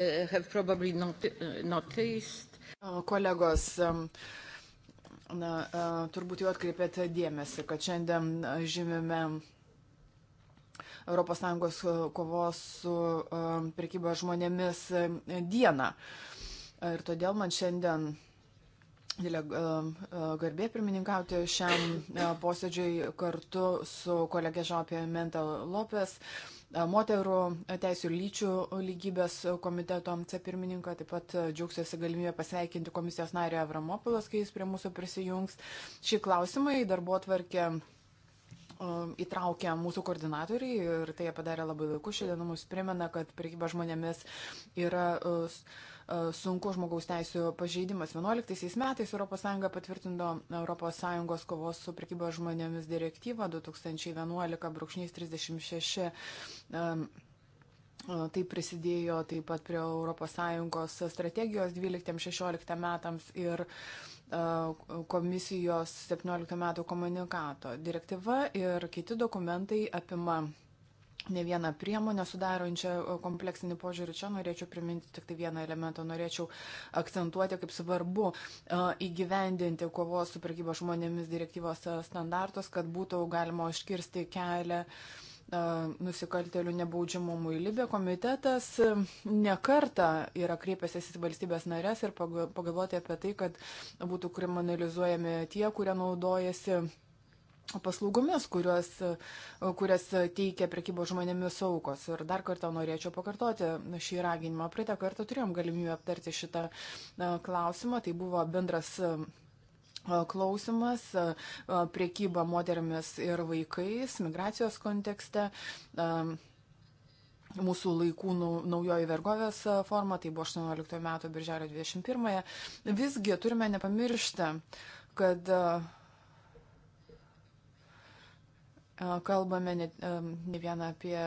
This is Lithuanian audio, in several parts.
Uh, Noticed... Uh, kolegos, um, na, uh, turbūt jau atkreipėte dėmesį, kad šiandien žymime ES kovos su um, prekyba žmonėmis dieną. Ir todėl man šiandien didelė garbė pirmininkauti šiam posėdžiui kartu su kolegė Žaupė Menta Lopes moterų teisų ir lyčių lygybės komiteto vicepirmininką. Taip pat džiaugsiuosi galimybę pasveikinti komisijos narį Avramopilas, kai jis prie mūsų prisijungs. Šį klausimą į darbo atvarkę įtraukia mūsų koordinatoriai ir tai jie padarė labai laiku. Šiandien mums primena, kad priekyba žmonėmis yra E, sunku žmogaus teisų pažeidimas. 11 metais ES patvirtino ES kovos su prekyba žmonėmis direktyvą 2011-36. E, e, tai prisidėjo taip pat prie ES strategijos 12-16 metams ir komisijos 17 metų komunikato. Direktyva ir kiti dokumentai apima ne vieną priemonę sudarančią e, kompleksinį požiūrį. Čia norėčiau priminti tik tai vieną elementą, norėčiau akcentuoti, kaip svarbu e, įgyvendinti kovos su prekybo žmonėmis direktyvos e, standartus, kad būtų galima iškirsti kelią nusikaltelių nebaudžiamumui. Libė komitetas nekarta yra kreipęsis į valstybės narės ir pagalvoti apie tai, kad būtų kriminalizuojami tie, kurie naudojasi paslaugomis, kurios, kurias teikia prekybos žmonėmis aukos. Ir dar kartą norėčiau pakartoti šį raginimą. Praeitą kartą turėjom galimybę aptarti šitą e, klausimą. Tai buvo bendras e, klausimas e, priekyba moteriamis ir vaikais migracijos kontekste mūsų laikų naujoji vergovės forma, tai buvo 18 metų birželio 21-ąją. Visgi turime nepamiršti, kad uh, kalbame ne, ne vieną apie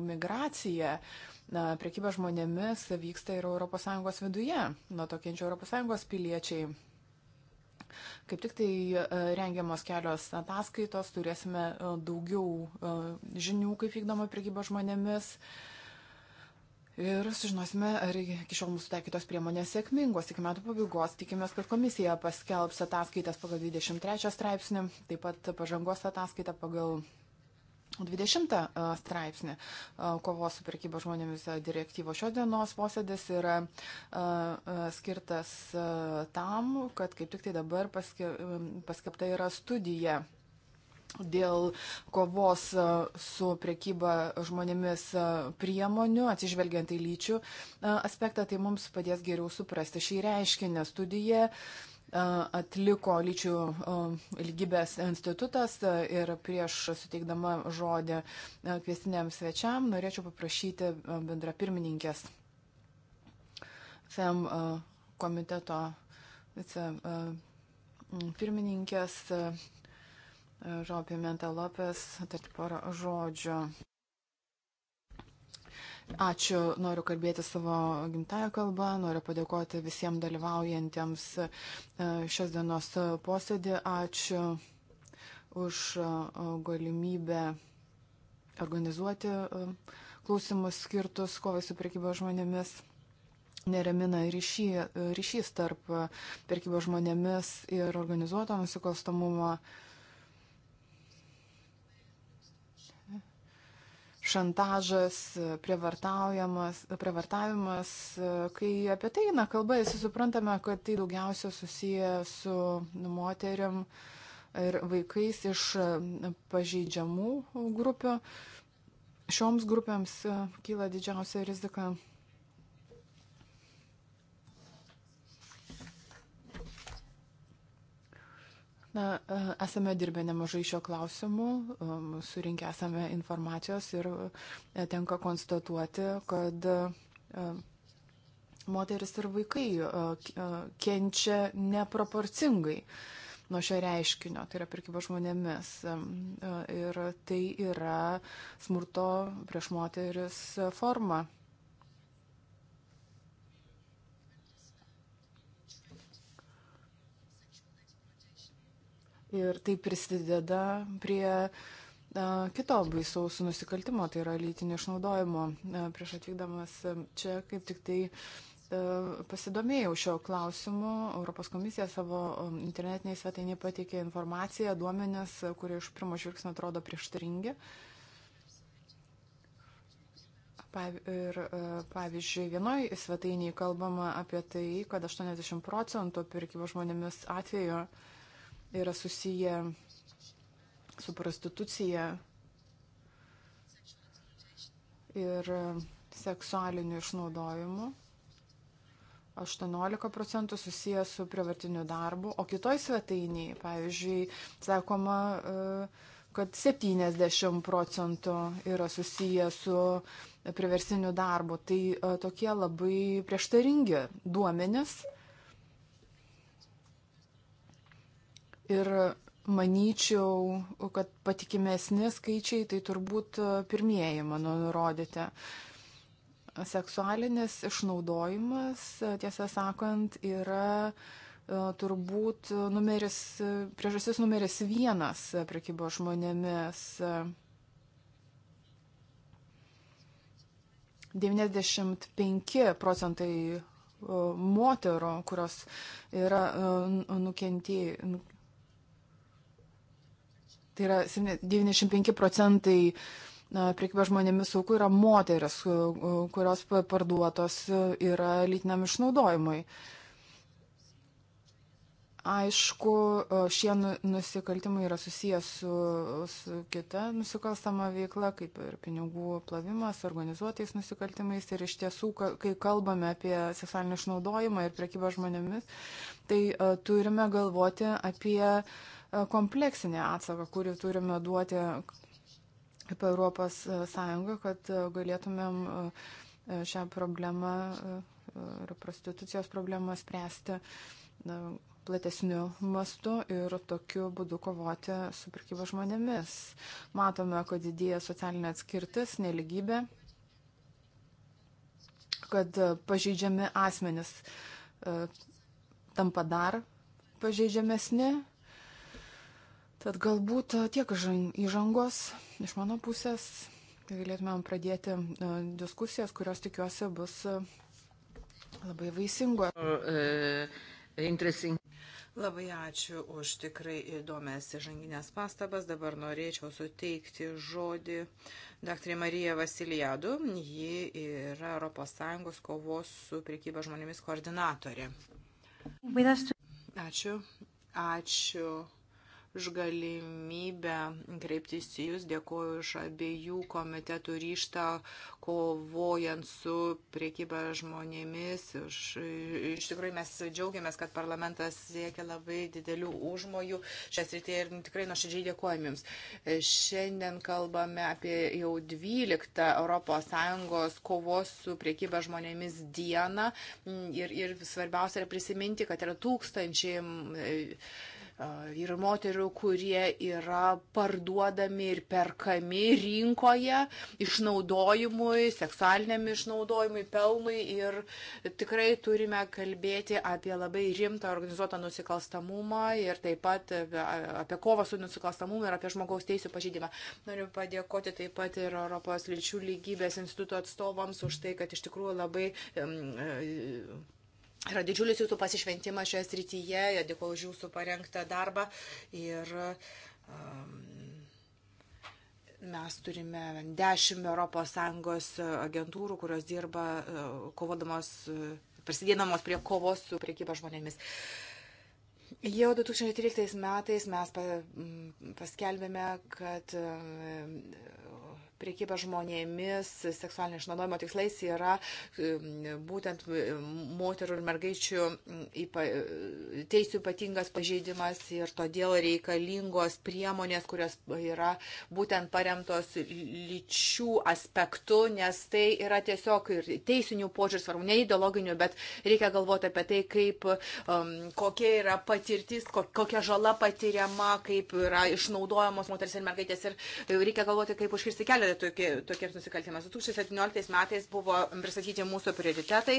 migraciją. Prekyba žmonėmis vyksta ir ES viduje, nuo to kenčia ES piliečiai. Kaip tik tai rengiamos kelios ataskaitos, turėsime daugiau žinių, kaip vykdoma prekyba žmonėmis. Uh, Ir sužinosime, ar iki šiol mūsų taikytos priemonės sėkmingos. Iki metų pabaigos tikimės, kad komisija paskelbs ataskaitas pagal 23 straipsnį, taip pat pažangos ataskaitą pagal 20 e, straipsnį e, kovos su prekyba žmonėmis direktyvo šios dienos posėdis yra e, skirtas tam, kad kaip tik tai dabar paskepta yra studija dėl kovos e, su priekyba žmonėmis e, priemonių, atsižvelgiant į lyčių e, aspektą, tai mums padės geriau suprasti šį reiškinį. Studija atliko lyčių lygybės institutas ir prieš suteikdama žodį kvestiniam svečiam norėčiau paprašyti bendra pirmininkės FEM komiteto vice pirmininkės Žo Pimenta Lopes, tarti porą žodžių. Ačiū, noriu kalbėti savo gimtają kalbą, noriu padėkoti visiems dalyvaujantiems e, šios dienos posėdį. Ačiū už e, galimybę organizuoti e, klausimus skirtus kovai su prekybo žmonėmis. Neremina ryšy, ryšys tarp prekybo žmonėmis ir organizuoto nusikalstamumo. Uh, šantažas, prievartavimas. E, kai apie tai eina kalba, visi suprantame, kad tai daugiausia susiję su moteriam ir vaikais iš e, pažeidžiamų grupių. Šioms grupėms e, kyla didžiausia rizika Na, e, esame dirbę nemažai šio klausimu, e, surinkę esame informacijos ir e, tenka konstatuoti, kad moteris ir vaikai kenčia neproporcingai nuo šio reiškinio, tai yra prekyba žmonėmis. Ir tai yra smurto prieš moteris forma. ir tai prisideda prie kito baisaus nusikaltimo, tai yra lytinio išnaudojimo. Prieš atvykdamas čia kaip tik tai pasidomėjau šio klausimu. Europos komisija savo internetiniai svetainiai pateikė informaciją, duomenės, kurie iš pirmo žvilgsnio atrodo prieštaringi. Ir pavyzdžiui, vienoje svetainėje kalbama apie tai, kad 80 procentų pirkimo žmonėmis atveju uh, yra susiję su prostitucija ir seksualiniu išnaudojimu. 18 procentų susiję su privartiniu darbu, o kitoj svetainiai, pavyzdžiui, sakoma, e, kad 70 procentų yra susiję su priversiniu darbu. Tai e, tokie labai prieštaringi duomenys. Ir manyčiau, kad patikimesni skaičiai tai turbūt pirmieji mano nurodyti. Seksualinis išnaudojimas, tiesą sakant, yra e, turbūt numeris, priežastis numeris vienas prekybo žmonėmis. 95 procentai e, moterų, kurios yra e, nukentėjusios Tai yra 95 procentai priekybė žmonėmis aukų yra moteris, kurios parduotos e, yra lytiniam išnaudojimui. Aišku, e, šie nu, nusikaltimai yra susijęs su, su kita nusikalstama veikla, kaip ir pinigų plavimas, organizuotais nusikaltimais. Ir iš tiesų, kai kalbame apie seksualinį išnaudojimą ir priekybą žmonėmis, tai e, turime galvoti apie uh, E, kompleksinį atsaką, kurį turime duoti kaip Europos e, Sąjunga, kad e, galėtumėm šią problemą ir prostitucijos problemą spręsti na, platesniu mastu ir tokiu būdu kovoti su prekyba žmonėmis. Matome, kad didėja socialinė atskirtis, neligybė, kad pažeidžiami asmenys tampa dar pažeidžiamesni Tad galbūt e, tiek įžangos iš mano pusės. Galėtumėm pradėti e, diskusijas, kurios tikiuosi bus e, labai vaisingos. Interesting. Labai ačiū už tikrai įdomias įžanginės pastabas. Dabar norėčiau suteikti žodį dr. Marija Vasilijadu. Ji yra ES kovos su priekyba žmonėmis koordinatorė. Ačiū. Ačiū už galimybę kreiptis į Jūs, dėkoju už abiejų komitetų ryštą kovojant su priekyba žmonėmis. Už, iš tikrųjų mes džiaugiamės, kad parlamentas siekia labai didelių užmojų šias rytėje ir tikrai nuoširdžiai dėkojame Jums. Šiandien kalbame apie jau 12 ES kovos su priekyba žmonėmis dieną ir, ir svarbiausia yra prisiminti, kad yra tūkstančiai vyrų ir moterių, kurie yra parduodami ir perkami rinkoje išnaudojimui, seksualiniam išnaudojimui, pelnui ir tikrai turime kalbėti apie labai rimtą organizuotą nusikalstamumą ir taip pat apie kovą su nusikalstamumu ir apie žmogaus teisų pažydimą. Noriu padėkoti taip pat ir Europos lyčių lygybės instituto atstovams už tai, kad iš tikrųjų labai Yra didžiulis jūsų pasišventimas šioje srityje, dėkuoju už jūsų parengtą darbą ir um, mes turime 10 ES agentūrų, kurios dirba uh, kovodamos, uh, prasidėdamos prie kovos su priekyba žmonėmis. Jau 2013 metais mes mm, paskelbėme, kad uh, priekyba žmonėmis seksualinio išnaudojimo tikslais yra um, būtent um, moterų ir mergaičių um, teisų ypatingas pažeidimas ir todėl reikalingos priemonės, kurios yra būtent paremtos lyčių aspektu, nes tai yra tiesiog ir teisinių požiūrį svarbu, ne ideologinių, bet reikia galvoti apie tai, kaip, um, kokia yra patirtis, kokia žala patiriama, kaip yra išnaudojamos moteris ir mergaitės ir e, reikia galvoti, kaip užkirsti kelią tokie, tokiems nusikaltimams. 2017 metais buvo pristatyti mūsų prioritetai,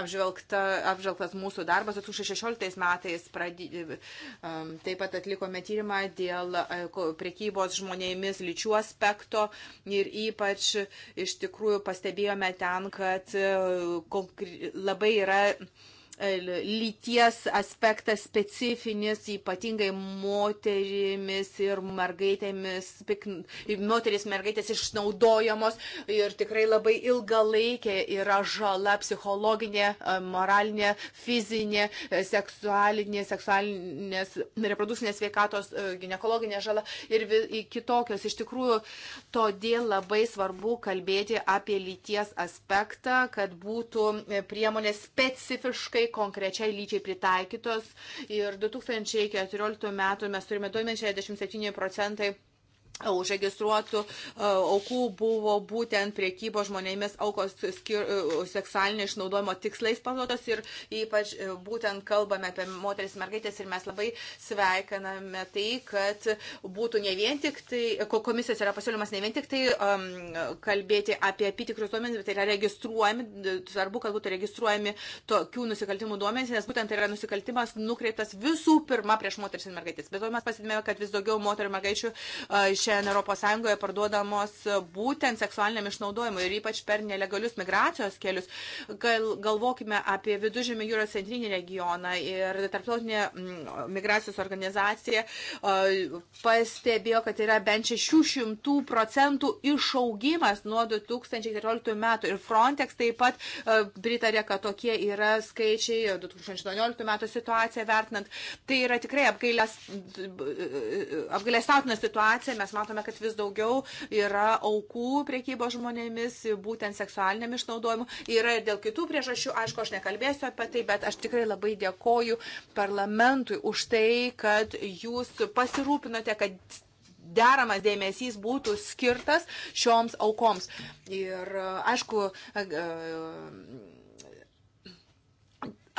apžvelgtas mūsų darbas. 2016 metais pradė, um, taip pat atlikome tyrimą dėl e, priekybos žmonėmis lyčių aspekto ir ypač iš tikrųjų pastebėjome ten, kad e, labai yra E, lyties aspektas specifinis, ypatingai moterimis ir mergaitėmis, pik, moteris mergaitės išnaudojamos ir tikrai labai ilgalaikė yra žala psichologinė, e, moralinė, fizinė, e, seksualinė, seksualinės, reprodukcinės veikatos, gynekologinė žala ir kitokios. Iš tikrųjų, todėl labai svarbu kalbėti apie lyties aspektą, kad būtų priemonės specifiškai labai konkrečiai lyčiai pritaikytos ir 2014 metų mes turime duomenį 67 procentai užregistruotų aukų buvo būtent priekybo žmonėmis aukos skir, seksualinio išnaudojimo tikslais panaudotos ir ypač būtent kalbame apie moteris mergaitės ir mes labai sveikiname tai, kad būtų ne vien tik tai, komisijos yra pasiūlymas ne vien tik tai um, kalbėti apie apitikrus duomenis, bet tai yra registruojami, svarbu, kad būtų registruojami tokių nusikaltimų duomenys, nes būtent tai yra nusikaltimas nukreiptas visų pirma prieš moteris ir mergaitės. Bet to mes pasidėmėjome, kad vis daugiau moterų ir mergaičių uh, šiandien ES parduodamos būtent seksualiniam išnaudojimui ir ypač per nelegalius migracijos kelius. Galvokime apie viduržėmį jūros centrinį regioną ir tarptautinė mm, migracijos organizacija pastebėjo, kad yra bent 600 procentų išaugimas nuo 2014 metų ir Frontex taip pat pritarė, kad tokie yra skaičiai 2018 metų situaciją vertinant. Tai yra tikrai apgailės apgailestautina situacija, mes matome, kad vis daugiau yra aukų priekybo žmonėmis, būtent seksualiniam išnaudojimu. Yra ir dėl kitų priežasčių, aišku, aš nekalbėsiu apie tai, bet aš tikrai labai dėkoju parlamentui už tai, kad jūs pasirūpinote, kad deramas dėmesys būtų skirtas šioms aukoms. Ir aišku,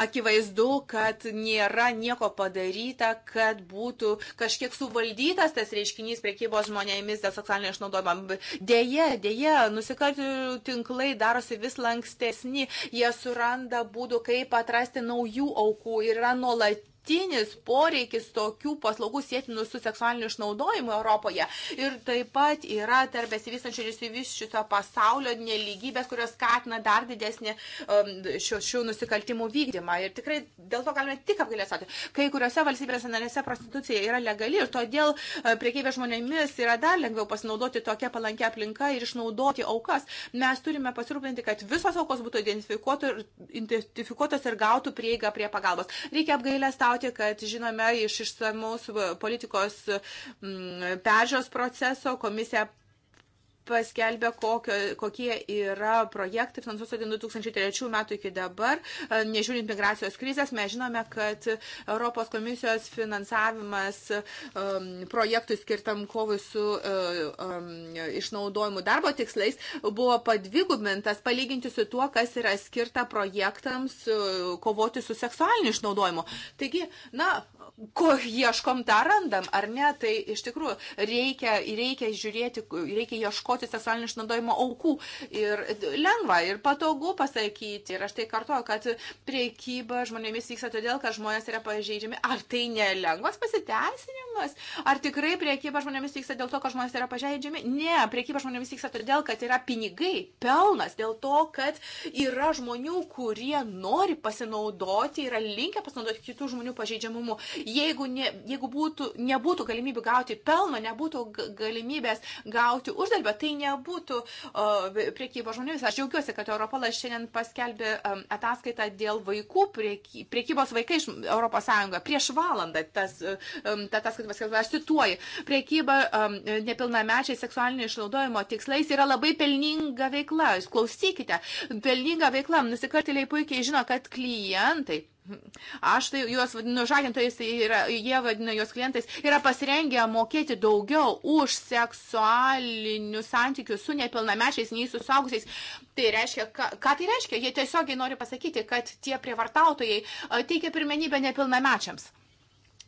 akivaizdu, kad nėra nieko padaryta, kad būtų kažkiek suvaldytas tas reiškinys priekybos žmonėmis dėl seksualinio išnaudojimo. Deja, deja, nusikaltėlių tinklai darosi vis lankstesni, jie suranda būdų, kaip atrasti naujų aukų ir yra nuolat nuolatinis poreikis tokių paslaugų sėtinų su seksualiniu išnaudojimu Europoje. Ir taip pat yra tarp besivystančio ir išsivyščiusio pasaulio neligybės, kurios skatina dar didesnį um, šių, šių nusikaltimų vykdymą. Ir tikrai dėl to galime tik apgailėsoti. Kai kuriuose valstybėse narėse prostitucija yra legali ir todėl uh, priekybė žmonėmis yra dar lengviau pasinaudoti tokia palankia aplinka ir išnaudoti aukas. Mes turime pasirūpinti, kad visos aukos būtų identifikuotos ir, identifikuotos ir gautų prieigą prie pagalbos. Reikia apgailę stauti pakartoti, kad žinome iš išsamaus politikos mm, peržios proceso komisija paskelbė, kokio, kokie yra projektai finansuose 2003 metų iki dabar. E, nežiūrint migracijos krizės, mes žinome, kad Europos komisijos finansavimas um, projektui skirtam kovui su e, um, išnaudojimu darbo tikslais buvo padvigubintas palyginti su tuo, kas yra skirta projektams e, kovoti su seksualiniu išnaudojimu. Taigi, na, ko ieškom, tą randam, ar ne? Tai iš tikrųjų reikia, reikia žiūrėti, reikia ieškoti seksualinio išnaudojimo aukų. Ir lengva ir patogu pasakyti. Ir aš tai kartuoju, kad priekyba žmonėmis vyksta todėl, kad žmonės yra pažeidžiami. Ar tai nelengvas pasiteisinimas? Ar tikrai priekyba žmonėmis vyksta dėl to, kad žmonės yra pažeidžiami? Ne, priekyba žmonėmis vyksta todėl, kad yra pinigai, pelnas, dėl to, kad yra žmonių, kurie nori pasinaudoti, yra linkę pasinaudoti kitų žmonių pažeidžiamumu Jeigu, ne, jeigu būtų, nebūtų galimybių gauti pelno, nebūtų galimybės gauti uždarbio, tai nebūtų priekybo žmonėmis. Aš džiaugiuosi, kad Europolas šiandien paskelbė um, ataskaitą dėl vaikų, prieky, priekybos vaikai iš ES. Prieš valandą tas, um, ta ataskaita paskelbė, aš cituoju, priekyba um, nepilnamečiai seksualinio išnaudojimo tikslais yra labai pelninga veikla. Jūs klausykite, pelninga veikla, nusikaltėliai puikiai žino, kad klientai Aš tai juos vadinu žagintojais, tai yra, jie vadina juos klientais, yra pasirengę mokėti daugiau už seksualinius santykius su nepilnamečiais, nei su saugusiais. Tai reiškia, ką, ką tai reiškia? Jie tiesiogiai nori pasakyti, kad tie prievartautojai teikia pirmenybę nepilnamečiams.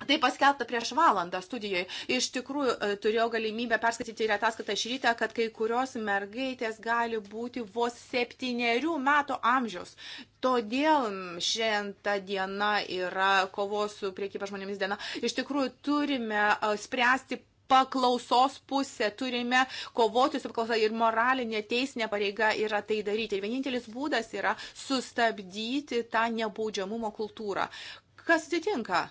Tai paskelbta prieš valandą studijoje. Iš tikrųjų, e, turėjau galimybę perskaityti ir ataskaitą šį rytą, kad kai kurios mergaitės gali būti vos septyniarių metų amžiaus. Todėl šiandien ta diena yra kovos su priekyba žmonėmis diena. Iš tikrųjų, turime e, spręsti paklausos pusę, turime kovoti su paklausa ir moralinė teisinė pareiga yra tai daryti. Ir vienintelis būdas yra sustabdyti tą nebaudžiamumo kultūrą. Kas atsitinka?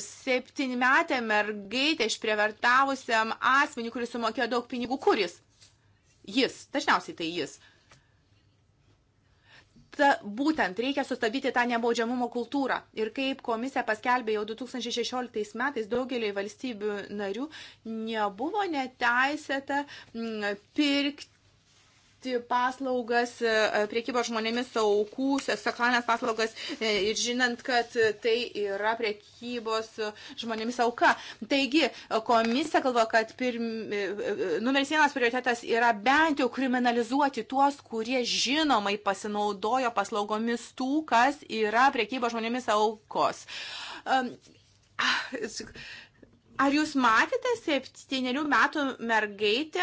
septynmetę mergaitę išprievartavusiam asmenį, kuris sumokėjo daug pinigų. Kuris? Jis. Dažniausiai tai jis. Ta, būtent reikia sustabdyti tą nebaudžiamumo kultūrą. Ir kaip komisija paskelbė jau 2016 metais daugeliai valstybių narių nebuvo neteisėta mm, pirkti teikti paslaugas, e, priekybos žmonėmis aukų, seksualinės paslaugas e, ir žinant, kad tai yra priekybos žmonėmis auka. Taigi, komisija kalba, kad pirm... E, numeris vienas prioritetas yra bent jau kriminalizuoti tuos, kurie žinomai pasinaudojo paslaugomis tų, kas yra priekybos žmonėmis aukos. Um, Ar jūs matėte septyniarių metų mergaitę,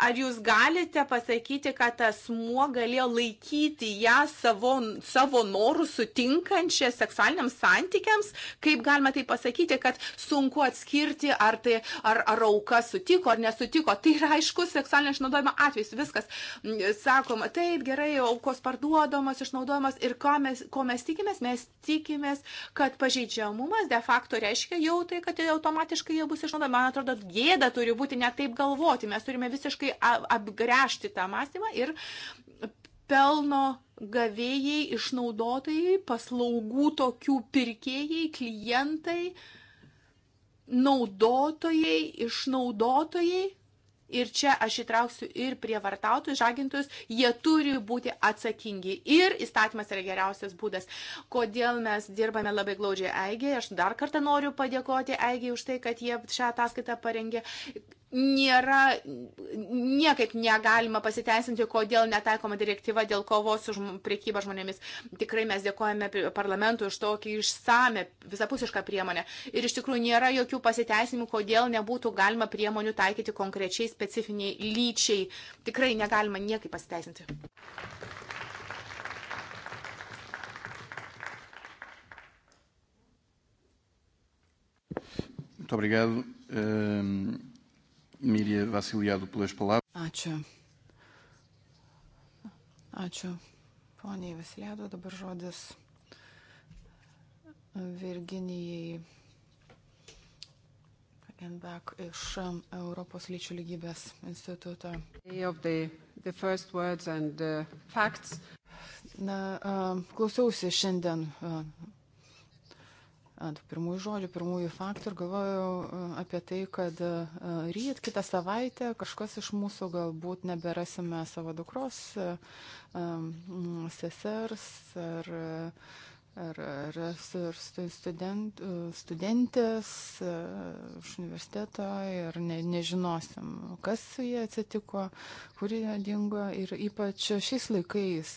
Ar jūs galite pasakyti, kad asmuo galėjo laikyti ją savo, savo norų sutinkančią seksualiniams santykiams? Kaip galima tai pasakyti, kad sunku atskirti, ar, tai, ar, ar auka sutiko, ar nesutiko? Tai yra aiškus seksualinio išnaudojimo atvejs, viskas mm, sakoma, taip gerai, aukos parduodamos, išnaudojamos ir ko mes, ko mes tikimės? Mes tikimės, kad pažeidžiamumas de facto reiškia jau tai, kad tai automatiškai jie bus išnaudojami. Man atrodo, gėda turi būti net taip galvoti. Mes turime visiškai visiškai apgręžti tą mąstymą ir pelno gavėjai, išnaudotojai, paslaugų tokių pirkėjai, klientai, naudotojai, išnaudotojai. Ir čia aš įtrauksiu ir prievartautojus, žagintojus, jie turi būti atsakingi. Ir įstatymas yra geriausias būdas, kodėl mes dirbame labai glaudžiai Aigiai. Aš dar kartą noriu padėkoti Aigiai už tai, kad jie šią ataskaitą parengė nėra, niekaip negalima pasiteisinti, kodėl netaikoma direktyva dėl kovos už priekybą žmonėmis. Tikrai mes dėkojame parlamentui už tokį išsame, visapusišką priemonę. Ir iš tikrųjų nėra jokių pasiteisinimų, kodėl nebūtų galima priemonių taikyti konkrečiai specifiniai lyčiai. Tikrai negalima niekaip pasiteisinti. Muito obrigado. Um... Mírija Vasilijadu prieš palavą. Ačiū. Ačiū. Poniai Vasilijadu dabar žodis Virginijai Enbek iš Europos lyčių lygybės instituto. Uh, Na, klausiausi šiandien ant pirmųjų žodžių, pirmųjų faktų ir galvojau e, apie tai, kad e, ryt, kitą savaitę kažkas iš mūsų galbūt neberasime savo dukros, e, sesers ar, ar, ar, ar student, studentės iš universiteto ir ne, nežinosim, kas su jie atsitiko, kur jie dingo ir ypač šiais laikais,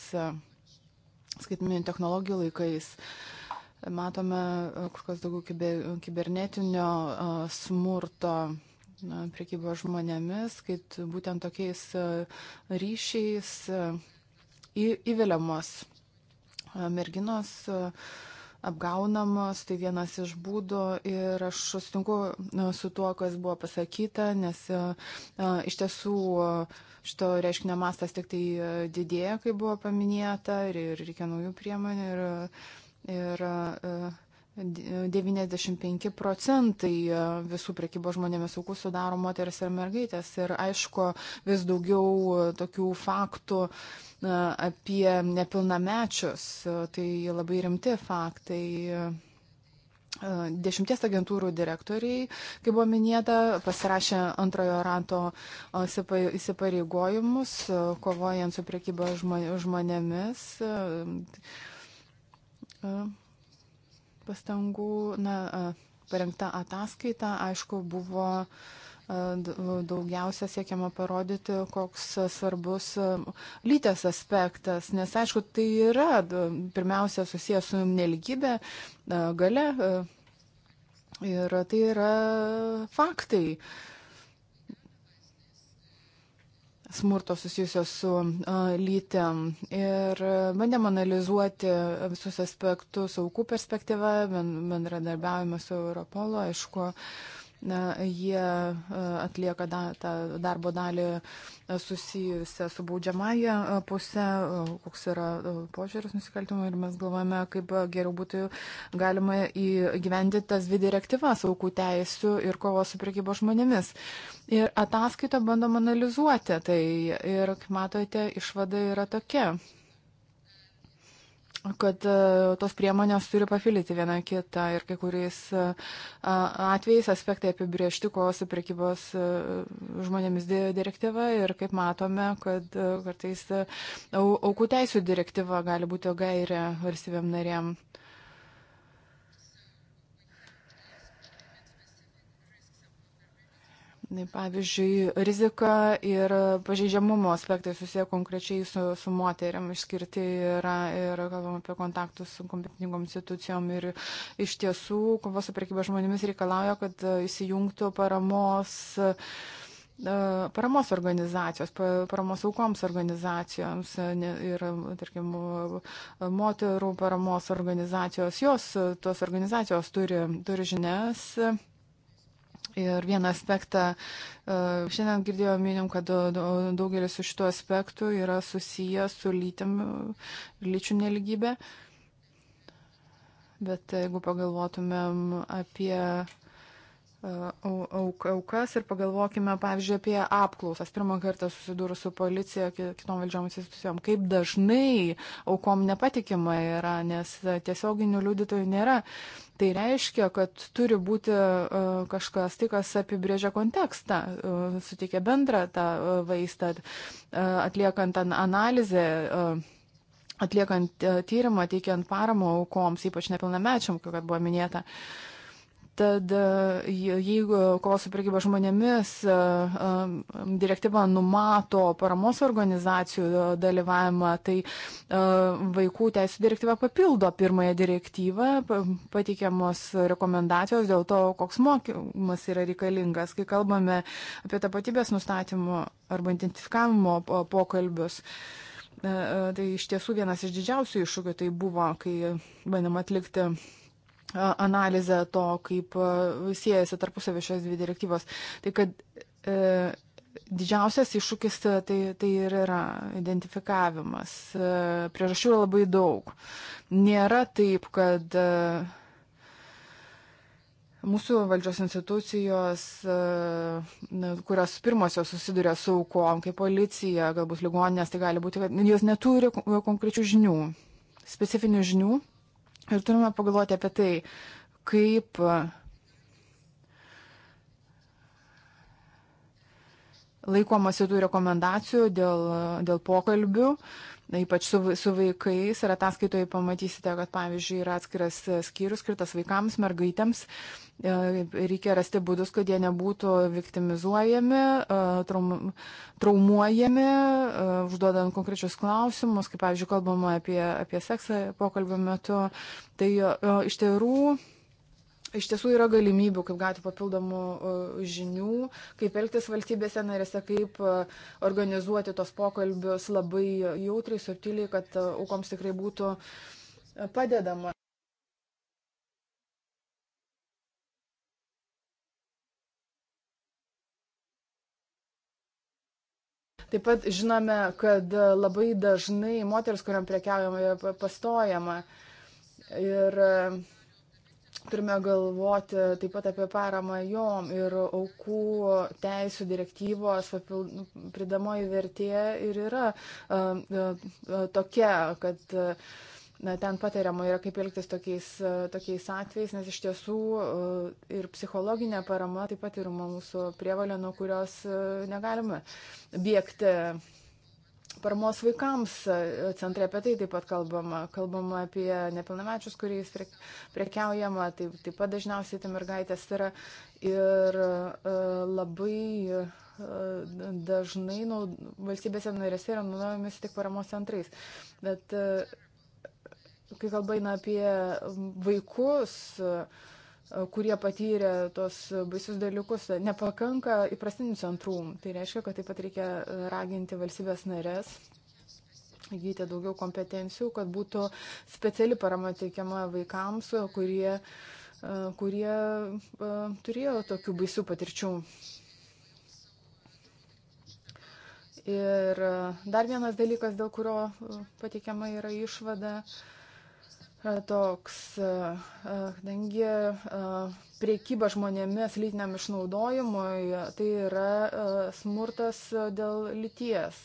skaitminių technologijų laikais matome e, kur kas daugiau kiber, kibernetinio e, smurto priekybo žmonėmis, kad būtent tokiais e, ryšiais į, įviliamos merginos apgaunamos, tai vienas iš būdų ir aš sutinku su tuo, kas buvo pasakyta, nes iš tiesų šito reiškinio mastas tik tai didėja, kaip buvo paminėta, ir, ir reikia naujų priemonių. Ir, Ir 95 e, e, procentai e, visų prekybos žmonėmis aukų sudaro moteris ir mergaitės. Ir aišku, vis daugiau tokių faktų apie nepilnamečius. Tai labai rimti faktai. Dešimties agentūrų direktoriai, kaip buvo minėta, pasirašė antrojo rato įsipareigojimus, kovojant su priekyba žmonėmis. E, pastangų. Na, e, parengta ataskaita, aišku, buvo e, daugiausia siekiama parodyti, koks svarbus lytės aspektas, nes aišku, tai yra pirmiausia susijęs su neligybė, gale ir tai yra faktai smurto susijusio su lytėm. Ir bandėm analizuoti visus aspektus aukų perspektyvą, bendradarbiavimą su Europolo, aišku, jie e, atlieka da, tą darbo dalį e, susijusią su baudžiamąją e, pusę, koks yra požiūris nusikaltimų ir mes galvojame, kaip geriau būtų galima įgyvendinti tas dvi direktyvas - aukų teisų ir kovos su priekybo žmonėmis. Ir ataskaitą bandom analizuoti, tai ir, kaip matote, išvada yra tokia kad e, tos priemonės turi papildyti viena kitą ir kai kuriais e, atvejais aspektai apibriežti kovos su prekybos e, žmonėmis direktyva ir kaip matome, kad kartais aukų teisų direktyva gali būti gairė valstybėm narėm. Pavyzdžiui, rizika ir pažeidžiamumo aspektai susiję konkrečiai su, su moteriam išskirti yra ir kalbam apie kontaktus su kompetentingom institucijom ir iš tiesų kovos su prekyba žmonėmis reikalauja, kad įsijungtų paramos e, paramos organizacijos, paramos aukoms organizacijoms ir, tarkim, moterų paramos organizacijos, jos, tos organizacijos turi, turi žinias Ir vieną aspektą e, šiandien girdėjau minim, kad daugelis iš tų aspektų yra susiję su lytim, lyčių neligybė. Bet jeigu pagalvotumėm apie aukas ir pagalvokime, pavyzdžiui, apie apklausas. Pirmą kartą susidūrus su policija, kitom valdžiom institucijom, kaip dažnai aukom nepatikima yra, nes tiesioginių liudytojų nėra. Tai reiškia, kad turi būti kažkas tai, kas apibrėžia kontekstą, suteikia bendrą tą vaistą, atliekant analizę atliekant tyrimą, teikiant paramą aukoms, ypač nepilnamečiam, kaip buvo minėta. Uh, Tad e, jeigu kovos su prekyba žmonėmis e, e, direktyva numato paramos organizacijų dalyvavimą, tai vaikų teisų direktyva papildo pirmąją direktyvą, pateikiamos rekomendacijos dėl to, koks mokymas yra reikalingas. Kai kalbame apie tapatybės nustatymo arba identifikavimo pokalbius, tai iš tiesų vienas iš didžiausių iššūkių tai buvo, kai bandėm atlikti analizę to, kaip siejasi tarpusavį šios dvi direktyvos. Tai kad e, didžiausias iššūkis e, tai, tai ir yra identifikavimas. E, priežasčių yra labai daug. Nėra taip, kad e, mūsų valdžios institucijos, e, kurios pirmosios susiduria su aukom, kaip policija, galbūt ligoninės, tai gali būti, kad jos neturi konkrečių žinių, specifinių žinių Ir turime pagalvoti apie tai, kaip laikomasi tų rekomendacijų dėl, dėl pokalbių, na, ypač su, su vaikais. Ir ataskaitoje pamatysite, kad pavyzdžiui yra atskiras e, skyrius skirtas vaikams, mergaitėms. E, reikia rasti būdus, kad jie nebūtų viktimizuojami, e, traum, traumuojami, užduodant konkrečius klausimus, kaip pavyzdžiui kalbama apie, apie seksą pokalbio metu. Tai iš tikrųjų Iš tiesų yra galimybių, kaip gauti papildomų e, žinių, kaip elgtis valstybėse narėse, kaip e, organizuoti tos pokalbius labai jautriai, subtiliai, kad e, aukoms tikrai būtų padedama. Taip pat žinome, kad labai dažnai moteris, kuriam prekiaujama, pastojama. Ir uh, Turime galvoti taip pat apie paramą jom ir aukų teisų direktyvos pridamoji vertė ir yra uh, tokia, kad uh, na, ten patariama yra, kaip elgtis tokiais, tokiais atvejais, nes iš tiesų ir psichologinė parama taip pat yra mūsų prievalė, nuo kurios negalime bėgti paramos vaikams e, centrai, apie tai taip pat kalbama. Kalbama apie nepilnamečius, kuriais prekiaujama, taip, taip pat dažniausiai tai mergaitės yra. Ir e, labai e, dažnai nu, valstybėse narėse yra naudojamis tik paramos centrais. Bet kai kalba eina apie vaikus, uh, kurie patyrė tos baisius dalykus. Nepakanka įprastinių centrų. Tai reiškia, kad taip pat reikia raginti valstybės narės įgyti daugiau kompetencijų, kad būtų speciali parama teikiama vaikams, kurie, e, kurie e, turėjo tokių baisių patirčių. Ir dar vienas dalykas, dėl kurio e, pateikiama yra išvada, uh, E, toks, e, e, kadangi priekyba žmonėmis lytiniam išnaudojimui tai yra smurtas dėl lyties.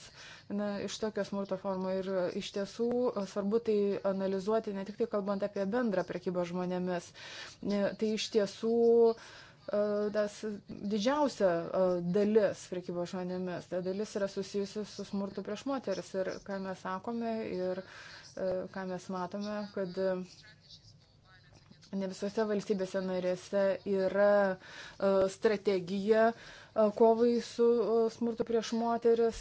Na, iš tokio smurto formų ir iš tiesų svarbu tai analizuoti ne tik tai kalbant apie bendrą priekybą žmonėmis. Tai iš tiesų tas didžiausia dalis priekybos žmonėmis, ta dalis yra susijusi su smurtu prieš moteris ir ką mes sakome ir uh, E, ką mes matome, kad e, ne visose valstybėse narėse yra e, strategija kovai su smurtu prieš moteris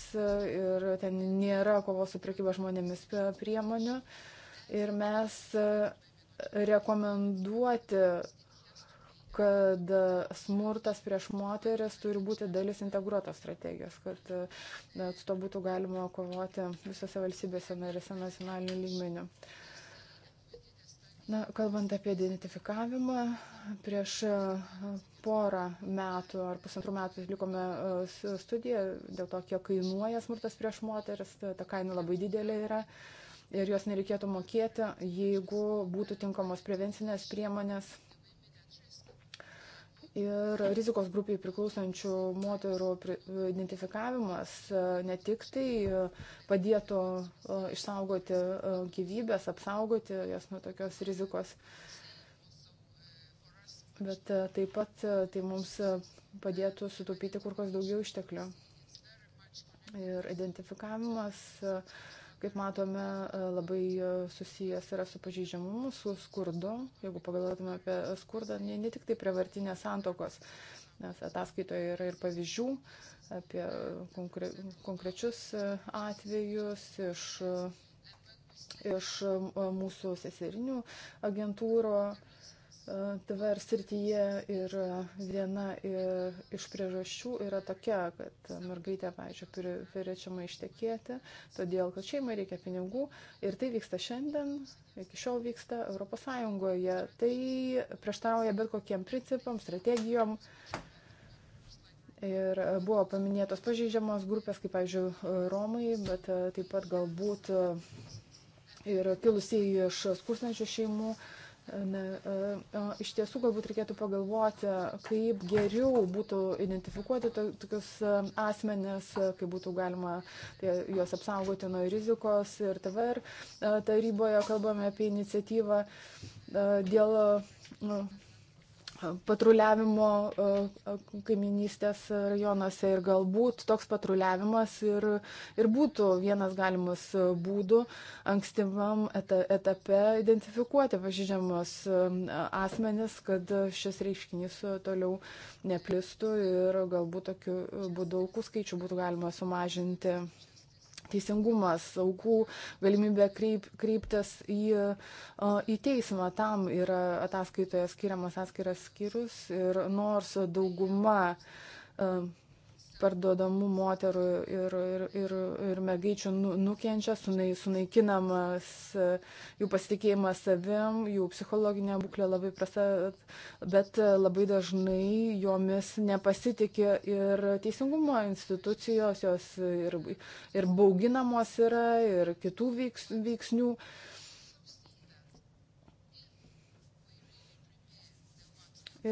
ir ten nėra kovos su priekyba žmonėmis priemonių. Ir mes rekomenduoti kad smurtas prieš moteris turi būti dalis integruotos strategijos, kad su to būtų galima kovoti visose valstybėse narėse nacionaliniu lygmeniu. Na, kalbant apie identifikavimą, prieš e, porą metų ar pusantrų metų atlikome e, studiją dėl to, kiek kainuoja smurtas prieš moteris. Ta kaina labai didelė yra ir jos nereikėtų mokėti, jeigu būtų tinkamos prevencinės priemonės ir rizikos grupiai priklausančių moterų identifikavimas e, ne tik tai e, padėtų e, išsaugoti gyvybės, apsaugoti jas nuo tokios rizikos, bet taip pat tai mums padėtų sutaupyti kur kas daugiau išteklių. Ir identifikavimas uh, kaip matome, e, labai e, susijęs yra su pažeidžiamumu, su skurdu. Jeigu pagalvotume apie skurdą, ne, ne tik tai prievartinės santokos, nes ataskaitoje yra ir pavyzdžių apie e, konkre, konkrečius atvejus iš, iš mūsų seserinių agentūrų TVR srityje ir viena iš priežasčių yra tokia, kad mergaitė, pavyzdžiui, prirečiama ištekėti, todėl, kad šeimai reikia pinigų ir tai vyksta šiandien, iki šiol vyksta ES. Tai prieštarauja bet kokiem principam, strategijom. Ir buvo paminėtos pažeidžiamos grupės, kaip, pavyzdžiui, Romai, bet taip pat galbūt ir kilusieji iš skurstančių šeimų. Uh, Na, e, iš tiesų galbūt reikėtų pagalvoti, kaip geriau būtų identifikuoti tokius e, asmenis, kaip būtų galima tai, juos apsaugoti nuo rizikos. Ir TVR e, taryboje kalbame apie iniciatyvą dėl nu, patruliavimo e, e, kaiminystės rajonuose ir galbūt toks patruliavimas ir, ir būtų vienas galimas būdų ankstyvam etape identifikuoti pažydžiamus e, asmenis, kad šis reiškinys toliau neplistų ir galbūt tokiu būdu aukų skaičių būtų galima sumažinti teisingumas, aukų galimybė kreip, kreiptis į, į teismą. Tam yra ataskaitoje skiriamas atskiras skyrius ir nors dauguma parduodamų moterų ir, ir, ir, ir mergaičių nu, nukenčia, sunaikinamas jų pasitikėjimas savim, jų psichologinė būklė labai prasta, bet labai dažnai jomis nepasitikė ir teisingumo institucijos, jos ir, ir bauginamos yra, ir kitų veiks, veiksnių. Uh,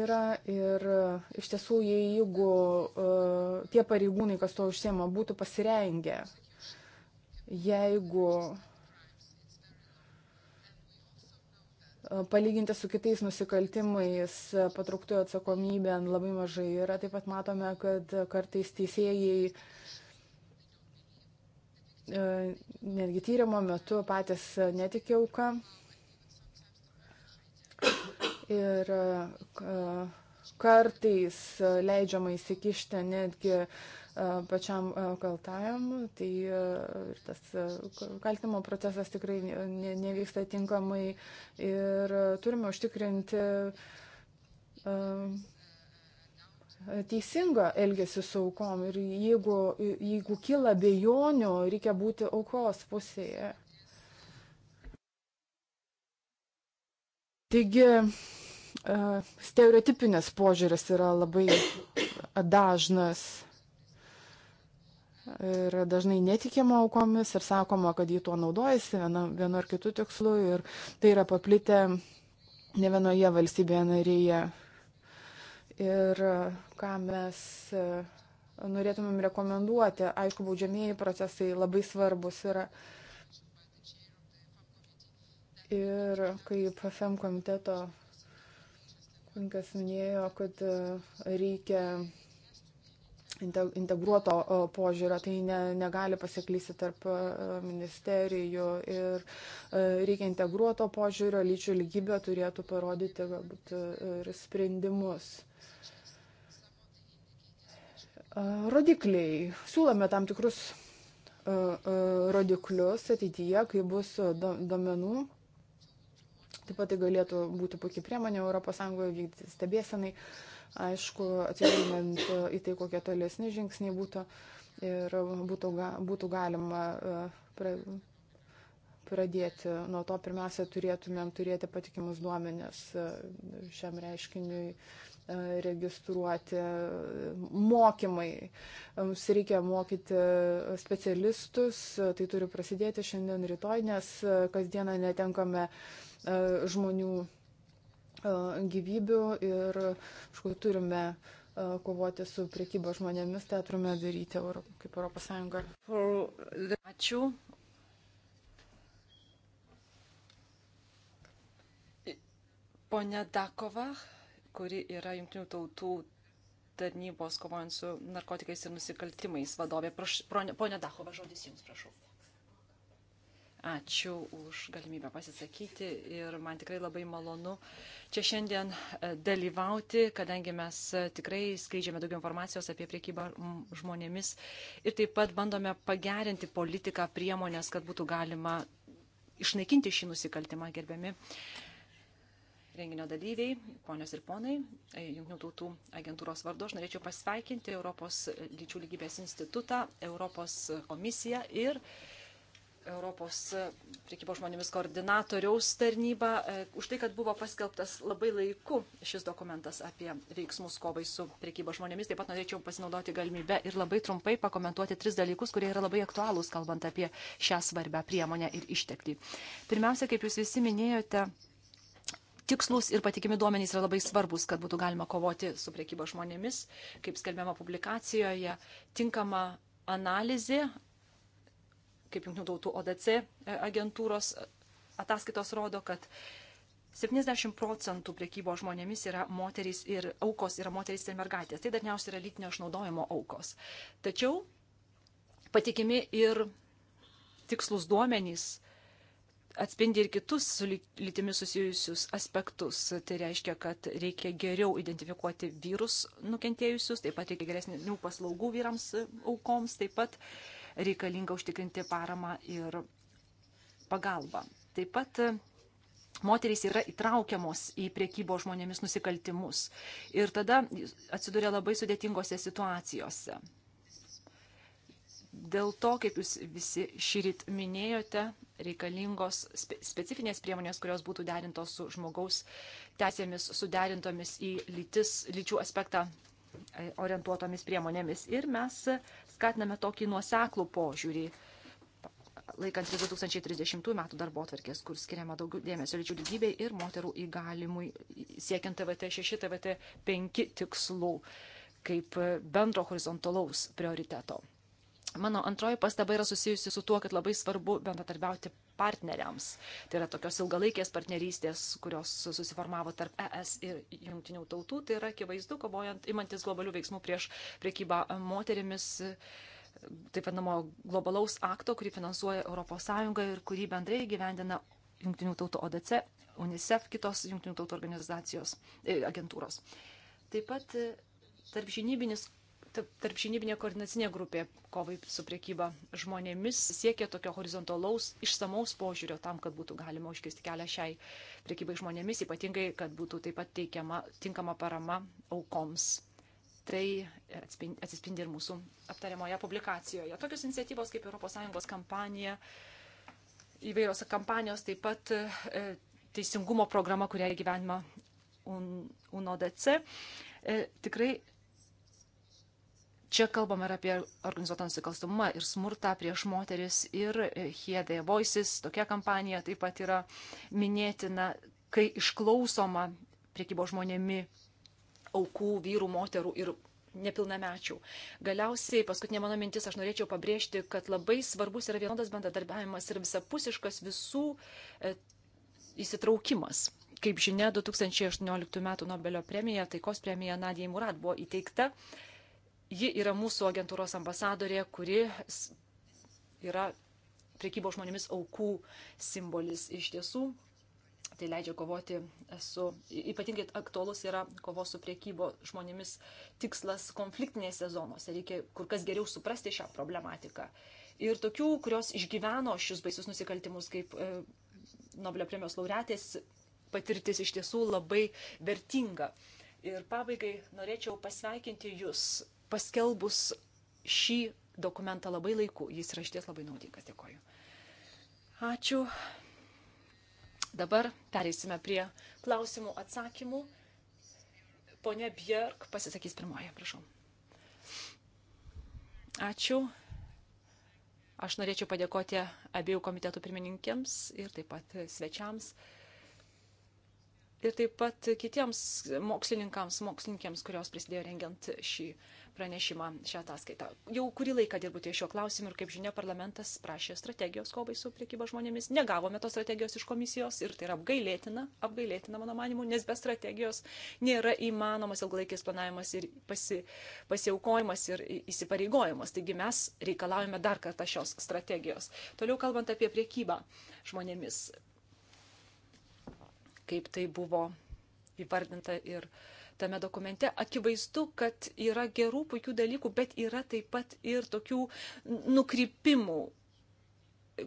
yra ir e, iš tiesų, jeigu uh, tie pareigūnai, kas to užsiema, būtų pasirengę, jeigu e, palyginti su kitais nusikaltimais patrauktų atsakomybę labai mažai yra. Taip pat matome, kad kartais teisėjai netgi tyrimo metu patys netikė auką. Ir e, kartais leidžiama įsikišti netgi e, pačiam e, kaltajam, tai ir tas kaltimo procesas tikrai nevyksta tinkamai ir turime užtikrinti teisingą elgesį su aukom ir jeigu, jeigu kyla bejonių, reikia būti aukos pusėje. Taigi, e, stereotipinis požiūris yra labai dažnas. Ir dažnai netikima aukomis ir sakoma, kad jį tuo naudojasi vienu, vienu ar kitu tikslu. Ir tai yra paplitę ne vienoje valstybėje narėje. Ir e, ką mes e, norėtumėm rekomenduoti, aišku, baudžiamieji procesai labai svarbus yra. Ir Ir kaip FM komiteto kas minėjo, kad e, reikia integruoto požiūrio, tai ne, negali pasiklysti tarp e, ministerijų ir e, reikia integruoto požiūrio, lyčių lygybė turėtų parodyti galbūt ir sprendimus. Rodikliai. Siūlome tam tikrus rodiklius ateityje, kai bus domenų Taip pat tai galėtų būti puikiai priemonė ES vykdyti stebėsenai, aišku, atsižvelgiant e, į tai, kokie tolesni žingsniai būtų ir būtų, būtų galima e, pra, pradėti. Nuo to pirmiausia turėtumėm turėti patikimus duomenės e, šiam reiškiniui e, registruoti. E, mokymai. Mums reikia mokyti specialistus, tai turi prasidėti šiandien rytoj, nes kasdieną netenkame žmonių gyvybių ir, aišku, turime kovoti su priekyba žmonėmis, tai turime daryti Euro, kaip Europos Sąjunga. Ačiū Pone Dakova, kuri yra Junktinių tautų tarnybos kovojant su narkotikais ir nusikaltimais vadovė. Praš, ponia Dachova, žodis Jums, prašau. Ačiū už galimybę pasisakyti ir man tikrai labai malonu čia šiandien e, dalyvauti, kadangi mes e, tikrai skleidžiame daug informacijos apie priekybą žmonėmis ir taip pat bandome pagerinti politiką priemonės, kad būtų galima išnaikinti šį nusikaltimą, gerbiami uh, renginio dalyviai, ponios ir ponai, e, Junktinių tautų agentūros vardu aš norėčiau pasveikinti Europos lyčių lygybės institutą, Europos komisiją ir Europos priekybos žmonėmis koordinatoriaus tarnybą e, už tai, kad buvo paskelbtas labai laiku šis dokumentas apie veiksmus kovai su priekybos žmonėmis. Taip pat norėčiau pasinaudoti galimybę ir labai trumpai pakomentuoti tris dalykus, kurie yra labai aktualūs, kalbant apie šią svarbę priemonę ir išteklį. Pirmiausia, kaip jūs visi minėjote, tikslus ir patikimi duomenys yra labai svarbus, kad būtų galima kovoti su priekyba žmonėmis, kaip skelbiama publikacijoje, tinkama analizė, kaip jungtinių tautų ODC e, agentūros ataskaitos rodo, kad 70 procentų priekybo žmonėmis yra moterys ir aukos yra moterys ir mergaitės. Tai dažniausiai yra lytinio išnaudojimo aukos. Tačiau patikimi ir tikslus duomenys atspindi ir kitus su lytimi susijusius aspektus. Tai reiškia, kad reikia geriau identifikuoti vyrus nukentėjusius, taip pat reikia geresnių paslaugų vyrams aukoms, taip pat reikalinga užtikrinti paramą ir pagalbą. Taip pat e, moterys yra įtraukiamos į priekybo žmonėmis nusikaltimus ir tada atsiduria labai sudėtingose situacijose. Dėl to, kaip jūs visi šyrit minėjote, reikalingos spe specifinės priemonės, kurios būtų derintos su žmogaus teisėmis, suderintomis į lytis, lyčių aspektą e, orientuotomis priemonėmis. Ir mes skatiname tokį nuoseklų požiūrį, laikantis 2030 metų darbo atvarkės, kur skiriama daugiau dėmesio lyčių lygybei ir moterų įgalimui, siekiant TVT 6, TVT 5 tikslų kaip bendro horizontalaus prioriteto. Mano antroji pastaba yra susijusi su tuo, kad labai svarbu bendratarbiauti partneriams. Tai yra tokios ilgalaikės partnerystės, kurios susiformavo tarp ES ir jungtinių tautų. Tai yra akivaizdu, kovojant, imantis globalių veiksmų prieš priekybą moterimis, taip vadinamo globalaus akto, kurį finansuoja ES ir kurį bendrai gyvendina jungtinių tautų ODC, UNICEF, kitos jungtinių tautų organizacijos, e, agentūros. Taip pat e, tarp žinybinis tarpšinybinė koordinacinė grupė kovai su priekyba žmonėmis siekia tokio horizontalaus, išsamaus požiūrio tam, kad būtų galima užkisti kelią šiai priekybai žmonėmis, ypatingai, kad būtų taip pat teikiama tinkama parama aukoms. Tai atsispindi ir mūsų aptariamoje publikacijoje. Tokios iniciatyvos kaip ES kampanija, įvairios kampanijos, taip pat e, teisingumo programa, kurią gyvenima UNODC, e, tikrai Čia kalbam ir apie organizuotą nusikalstumą ir smurtą prieš moteris ir Hiede Voices, tokia kampanija taip pat yra minėtina, kai išklausoma priekybo žmonėmi aukų, vyrų, moterų ir nepilnamečių. Galiausiai, paskutinė mano mintis, aš norėčiau pabrėžti, kad labai svarbus yra vienodas bendradarbiavimas ir visapusiškas visų e, įsitraukimas. Kaip žinia, 2018 m. Nobelio premija, taikos premija Nadijai Murat buvo įteikta Ji yra mūsų agentūros ambasadorė, kuri yra priekybo žmonėmis aukų simbolis iš tiesų. Tai leidžia kovoti su, ypatingai aktuolus yra kovos su priekybo žmonėmis tikslas konfliktinėse zonose. Reikia kur kas geriau suprasti šią problematiką. Ir tokių, kurios išgyveno šius baisius nusikaltimus, kaip e, Nobelio premijos laureatės, patirtis iš tiesų labai vertinga. Ir pabaigai norėčiau pasveikinti Jūs paskelbus šį dokumentą labai laiku. Jis yra išties labai naudingas. Dėkoju. Ačiū. Dabar pereisime prie klausimų atsakymų. Pone Björk pasisakys pirmoje, prašau. Ačiū. Aš norėčiau padėkoti abiejų komitetų pirmininkėms ir taip pat svečiams. Ir taip pat kitiems mokslininkams, mokslininkėms, kurios prisidėjo rengiant šį pranešimą šią ataskaitą. Jau kurį laiką dirbu ties šiuo klausimu ir, kaip žinia, parlamentas prašė strategijos kovai su priekyba žmonėmis. Negavome tos strategijos iš komisijos ir tai yra apgailėtina, apgailėtina mano manimu, nes be strategijos nėra įmanomas ilgalaikis planavimas ir pasi, pasiaukojimas ir įsipareigojimas. Taigi mes reikalaujame dar kartą šios strategijos. Toliau kalbant apie priekybą žmonėmis, kaip tai buvo įvardinta ir uh, tame dokumente. Akivaizdu, kad yra gerų, puikių dalykų, bet yra taip pat ir tokių nukrypimų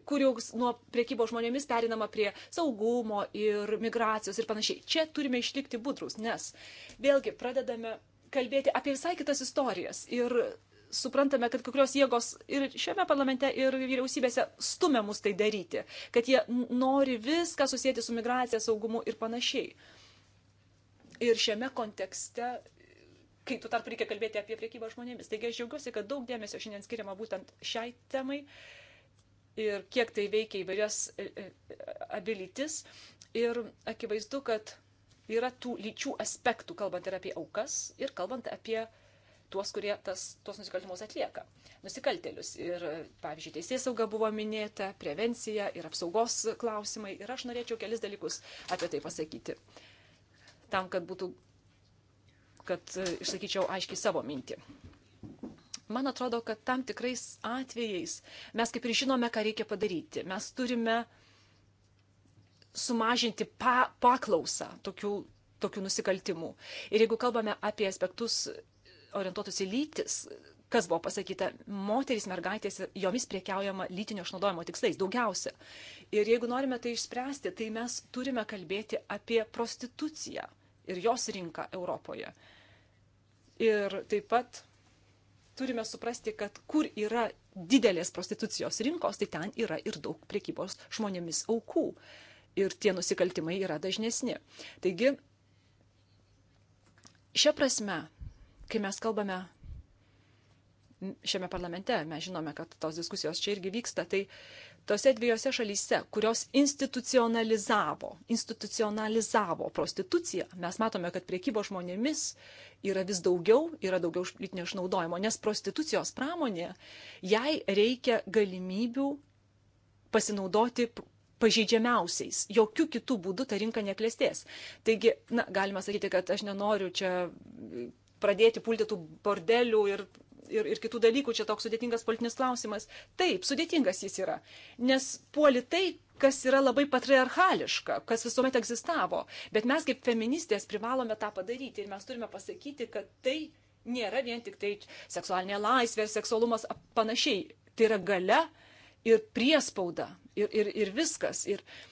kurios nuo priekybos žmonėmis perinama prie saugumo ir migracijos ir panašiai. Čia turime išlikti budrus, nes vėlgi pradedame kalbėti apie visai kitas istorijas ir suprantame, kad kokios jėgos ir šiame parlamente, ir vyriausybėse stumia mus tai daryti, kad jie nori viską susijęti su migracija, saugumu ir panašiai. Ir šiame kontekste, kai tu tarp reikia kalbėti apie priekybą žmonėmis. Taigi aš džiaugiuosi, kad daug dėmesio šiandien skiriama būtent šiai temai ir kiek tai veikia įvairias e, e, abilytis. Ir akivaizdu, kad yra tų lyčių aspektų, kalbant ir apie aukas, ir kalbant apie tuos, kurie tas, tuos nusikaltimus atlieka. Nusikaltelius. Ir, pavyzdžiui, teisės sauga buvo minėta, prevencija ir apsaugos klausimai. Ir aš norėčiau kelis dalykus apie tai pasakyti. Uh, tam, kad būtų, kad e, išsakyčiau aiškiai savo mintį. Man atrodo, kad tam tikrais atvejais mes kaip ir žinome, ką reikia padaryti. Mes turime sumažinti pa, paklausą tokių, tokių nusikaltimų. Ir jeigu kalbame apie aspektus orientuotus į lytis, kas buvo pasakyta, moterys, mergaitės, jomis priekiaujama lytinio išnaudojimo tikslais daugiausia. Ir jeigu norime tai išspręsti, tai mes turime kalbėti apie prostituciją ir jos rinką Europoje. Ir taip pat turime suprasti, kad kur yra didelės prostitucijos rinkos, tai ten yra ir daug priekybos žmonėmis aukų. Ir tie nusikaltimai yra dažnesni. Taigi, šią prasme, kai mes kalbame šiame parlamente, mes žinome, kad tos diskusijos čia irgi vyksta, tai tose dviejose šalyse, kurios institucionalizavo, institucionalizavo prostituciją, mes matome, kad priekybo žmonėmis yra vis daugiau, yra daugiau lytinio išnaudojimo, nes prostitucijos pramonė, jai reikia galimybių pasinaudoti pažeidžiamiausiais. Jokių kitų būdų ta rinka neklėstės. Taigi, na, galima sakyti, kad aš nenoriu čia pradėti pulti tų bordelių ir ir, ir kitų dalykų, čia toks sudėtingas politinis klausimas. Taip, sudėtingas jis yra, nes puoli tai, kas yra labai patriarchališka, kas visuomet egzistavo, bet mes kaip feministės privalome tą padaryti ir mes turime pasakyti, kad tai nėra vien tik tai seksualinė laisvė, seksualumas panašiai, tai yra gale ir priespauda ir, ir, ir viskas. Ir, uh,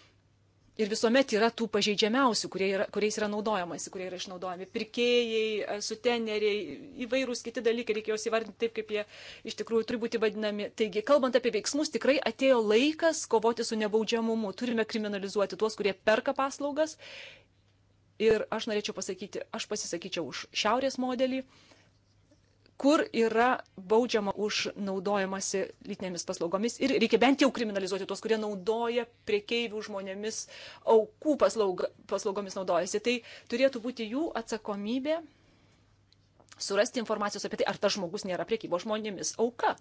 Ir visuomet yra tų pažeidžiamiausių, kurie yra, kuriais yra naudojamasi, kurie yra išnaudojami. Pirkėjai, suteneriai, įvairūs kiti dalykai, reikia juos įvardinti taip, kaip jie iš tikrųjų turi būti vadinami. Taigi, kalbant apie veiksmus, tikrai atėjo laikas kovoti su nebaudžiamumu. Turime kriminalizuoti tuos, kurie perka paslaugas. Ir aš norėčiau pasakyti, aš pasisakyčiau už šiaurės modelį, kur yra baudžiama už naudojimąsi lytinėmis paslaugomis ir reikia bent jau kriminalizuoti tuos, kurie naudoja priekeivių žmonėmis aukų paslauga, paslaugomis naudojasi. Tai turėtų būti jų atsakomybė surasti informacijos apie tai, ar tas žmogus nėra priekybo žmonėmis auka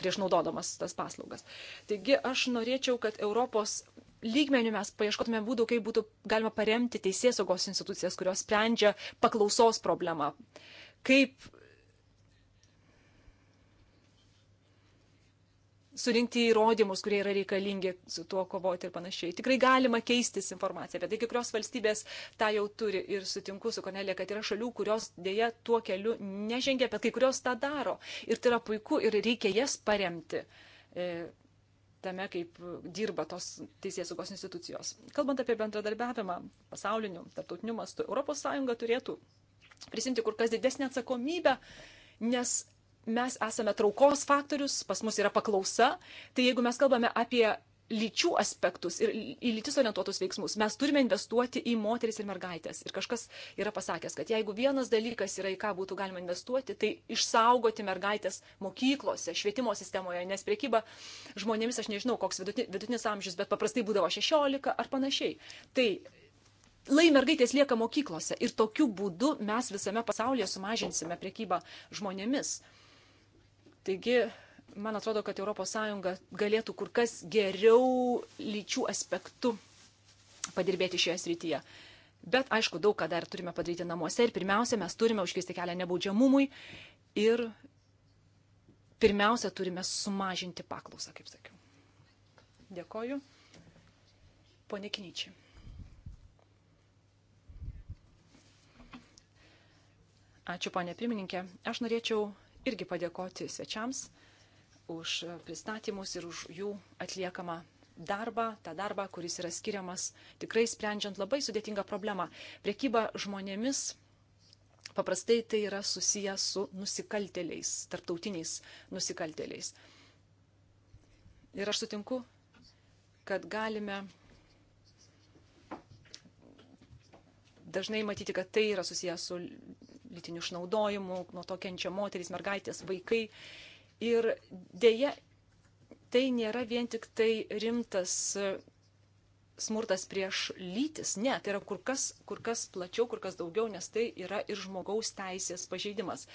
prieš naudodamas tas paslaugas. Taigi aš norėčiau, kad Europos lygmenių mes paieškotume būdų, kaip būtų galima paremti teisėsaugos institucijas, kurios sprendžia paklausos problemą. Kaip surinkti įrodymus, kurie yra reikalingi su tuo kovoti ir panašiai. Tikrai galima keistis informaciją, bet tai kai kurios valstybės tą jau turi ir sutinku su Konelė, kad yra šalių, kurios dėja tuo keliu nežengia, bet kai kurios tą daro. Ir tai yra puiku ir reikia jas paremti. E, tame, kaip dirba tos teisės saugos institucijos. Kalbant apie bendradarbiavimą pasauliniu, tarptautiniu mastu, ES turėtų prisimti kur kas didesnį atsakomybę, nes mes esame traukos faktorius, pas mus yra paklausa, tai jeigu mes kalbame apie lyčių aspektus ir į lytis orientuotus veiksmus. Mes turime investuoti į moteris ir mergaitės. Ir kažkas yra pasakęs, kad jeigu vienas dalykas yra, į ką būtų galima investuoti, tai išsaugoti mergaitės mokyklose, švietimo sistemoje, nes priekyba žmonėmis, aš nežinau, koks vidutinis amžius, bet paprastai būdavo 16 ar panašiai. Tai lai mergaitės lieka mokyklose ir tokiu būdu mes visame pasaulyje sumažinsime priekybą žmonėmis. Taigi man atrodo, kad ES galėtų kur kas geriau lyčių aspektų padirbėti šioje srityje. Bet aišku, daug ką dar turime padaryti namuose ir pirmiausia, mes turime užkisti kelią nebaudžiamumui ir pirmiausia, turime sumažinti paklausą, kaip sakiau. Dėkoju. Pone Kinyčiai. Ačiū, ponė pirmininkė. Aš norėčiau irgi padėkoti svečiams už pristatymus ir už jų atliekamą darbą, tą darbą, kuris yra skiriamas tikrai sprendžiant labai sudėtingą problemą. Priekyba žmonėmis paprastai tai yra susiję su nusikalteliais, tarptautiniais nusikalteliais. Ir aš sutinku, kad galime dažnai matyti, kad tai yra susiję su lytiniu išnaudojimu, nuo to kenčia moteris, mergaitės, vaikai. Ir dėja, tai nėra vien tik tai rimtas e, smurtas prieš lytis. Ne, tai yra kur kas, kur kas plačiau, kur kas daugiau, nes tai yra ir žmogaus teisės pažeidimas.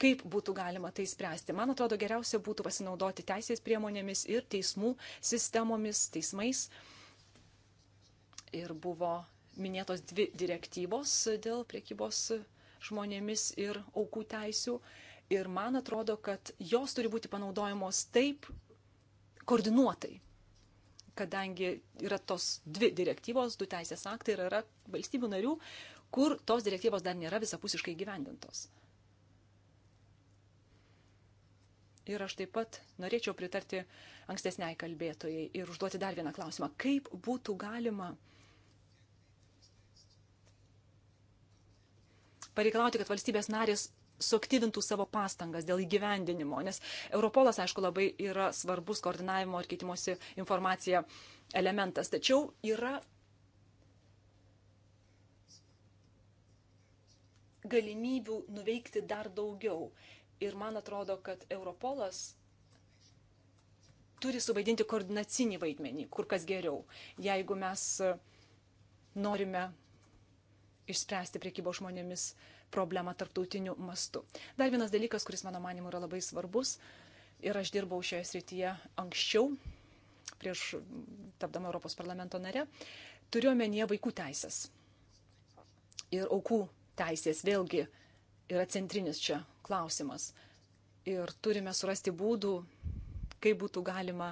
Kaip būtų galima tai spręsti? Man atrodo, geriausia būtų pasinaudoti teisės priemonėmis ir teismų sistemomis, teismais. Ir buvo minėtos dvi direktyvos dėl priekybos žmonėmis ir aukų teisių. Uh, Ir man atrodo, kad jos turi būti panaudojamos taip koordinuotai, kadangi yra tos dvi direktyvos, du teisės aktai ir yra valstybių narių, kur tos direktyvos dar nėra visapusiškai gyvendintos. Ir aš taip pat norėčiau pritarti ankstesniai kalbėtojai ir užduoti dar vieną klausimą. Kaip būtų galima pareikalauti, kad valstybės narės suaktyvintų savo pastangas dėl įgyvendinimo, nes Europolas, aišku, labai yra svarbus koordinavimo ir keitimosi informacija elementas. Tačiau yra galimybių nuveikti dar daugiau. Ir man atrodo, kad Europolas turi suvaidinti koordinacinį vaidmenį, kur kas geriau, jeigu mes norime išspręsti priekybo žmonėmis uh, problemą tarptautiniu mastu. Dar vienas dalykas, kuris mano manimu yra labai svarbus, ir aš dirbau šioje srityje anksčiau, prieš tapdama Europos parlamento nare, turiu omenyje vaikų teisės. Ir aukų teisės vėlgi yra centrinis čia klausimas. Ir turime surasti būdų, kaip būtų galima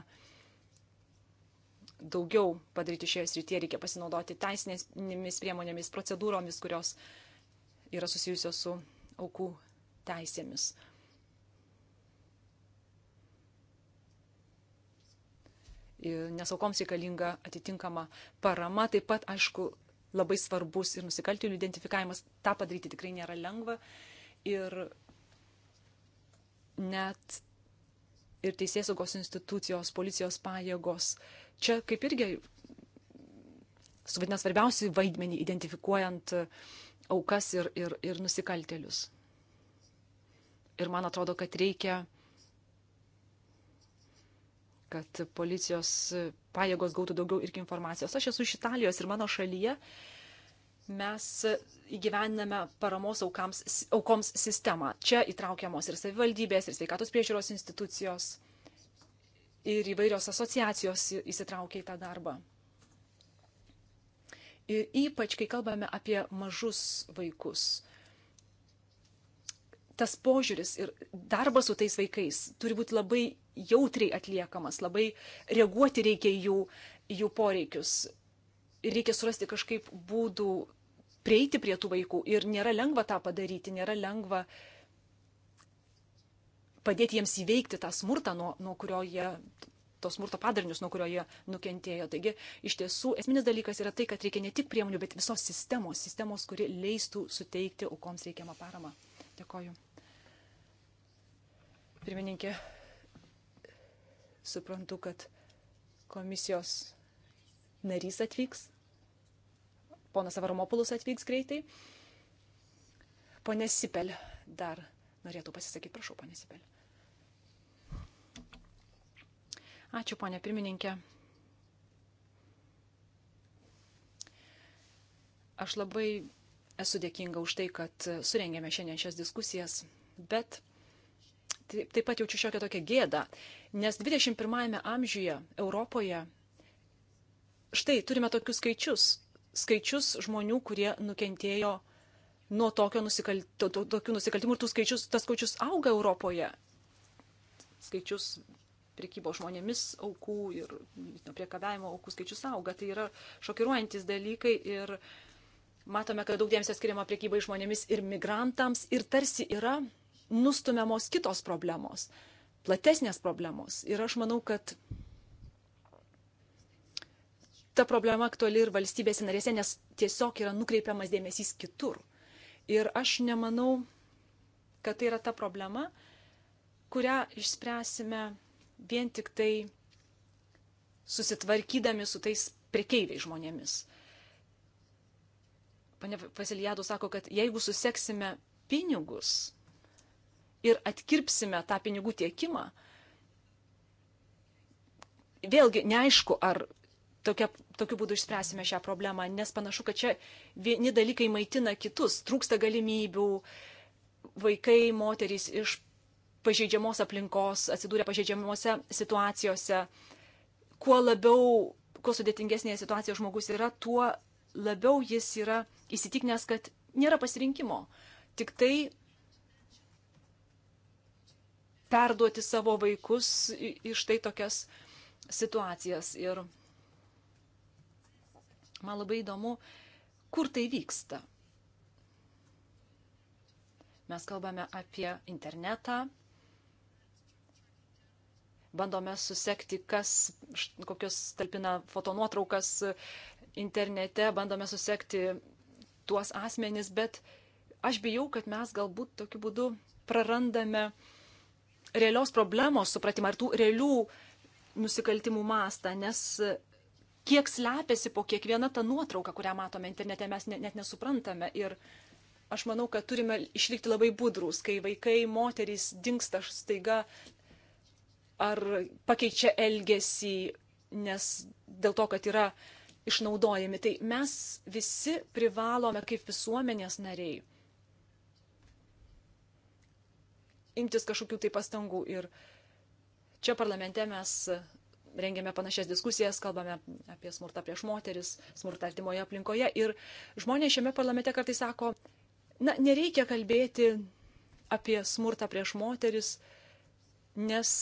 daugiau padaryti šioje srityje, reikia pasinaudoti teisinėmis priemonėmis, procedūromis, kurios uh, yra susijusios su aukų teisėmis. Nes aukoms reikalinga atitinkama parama, taip pat, aišku, labai svarbus ir nusikaltėlių identifikavimas. Ta padaryti tikrai nėra lengva. Ir net ir teisėsaugos institucijos, policijos pajėgos. Čia kaip irgi suvaidina svarbiausią vaidmenį identifikuojant uh, aukas ir, ir, ir nusikaltelius. Ir man atrodo, kad reikia, kad policijos pajėgos gautų daugiau irgi informacijos. Aš esu iš Italijos ir mano šalyje mes įgyvendiname paramos aukams, aukoms sistemą. Čia įtraukiamos ir savivaldybės, ir sveikatos priežiūros institucijos, ir įvairios asociacijos įsitraukia į tą darbą. Ir ypač, kai kalbame apie mažus vaikus, tas požiūris ir darbas su tais vaikais turi būti labai jautriai atliekamas, labai reaguoti reikia į jų, jų poreikius. Ir reikia surasti kažkaip būdų prieiti prie tų vaikų. Ir nėra lengva tą padaryti, nėra lengva padėti jiems įveikti tą smurtą, nuo, nuo kurio jie to smurto padarinius, nuo kurio jie nukentėjo. Taigi, iš tiesų, esminis dalykas yra tai, kad reikia ne tik priemonių, bet visos sistemos, sistemos, kuri leistų suteikti aukoms reikiamą paramą. Dėkoju. Pirmininkė, suprantu, kad komisijos narys atvyks, ponas Avaromopulos atvyks greitai. Pone Sipel dar norėtų pasisakyti, prašau, pone Sipel. Ačiū, ponė pirmininkė. Aš labai esu dėkinga už tai, kad surengėme šiandien šias diskusijas, bet tai, taip pat jaučiu šiokią tokią gėdą, nes 21-ame amžiuje Europoje štai turime tokius skaičius, skaičius žmonių, kurie nukentėjo nuo tokio nusikalt, to, to, tokių nusikaltimų ir tų skaičius, tas skaičius auga Europoje. Skaičius priekybo žmonėmis aukų ir priekabėjimo aukų skaičius auga. Tai yra šokiruojantis dalykai ir matome, kad daug dėmesio skiriama priekybai žmonėmis ir migrantams ir tarsi yra nustumiamos kitos problemos, platesnės problemos. Ir aš manau, kad ta problema aktuali ir valstybėse narėse, nes tiesiog yra nukreipiamas dėmesys kitur. Ir aš nemanau, kad tai yra ta problema, kurią išspręsime vien tik tai susitvarkydami su tais prekeiviai žmonėmis. Pane Vasilijado sako, kad jeigu suseksime pinigus ir atkirpsime tą pinigų tiekimą, vėlgi neaišku, ar tokia, tokiu būdu išspręsime šią problemą, nes panašu, kad čia vieni dalykai maitina kitus, trūksta galimybių, vaikai, moterys iš pažeidžiamos aplinkos, atsidūrė pažeidžiamuose situacijose. Kuo labiau, kuo sudėtingesnė situacija žmogus yra, tuo labiau jis yra įsitikinęs, kad nėra pasirinkimo. Tik tai perduoti savo vaikus į štai tokias situacijas. Ir man labai įdomu, kur tai vyksta. Mes kalbame apie internetą, bandome susekti, kas, kokius talpina fotonuotraukas internete, bandome susekti tuos asmenis, bet aš bijau, kad mes galbūt tokiu būdu prarandame realios problemos supratimą ar tų realių nusikaltimų mastą, nes kiek slepiasi po kiekviena ta nuotrauka, kurią matome internete, mes net nesuprantame. Ir aš manau, kad turime išlikti labai budrus, kai vaikai, moterys dinksta staiga ar pakeičia elgesį, nes dėl to, kad yra išnaudojami. Tai mes visi privalome kaip visuomenės nariai imtis kažkokių tai pastangų. Ir čia parlamente mes rengėme panašias diskusijas, kalbame apie smurtą prieš moteris, smurtą artimoje aplinkoje. Ir žmonės šiame parlamente kartais sako, na, nereikia kalbėti apie smurtą prieš moteris, nes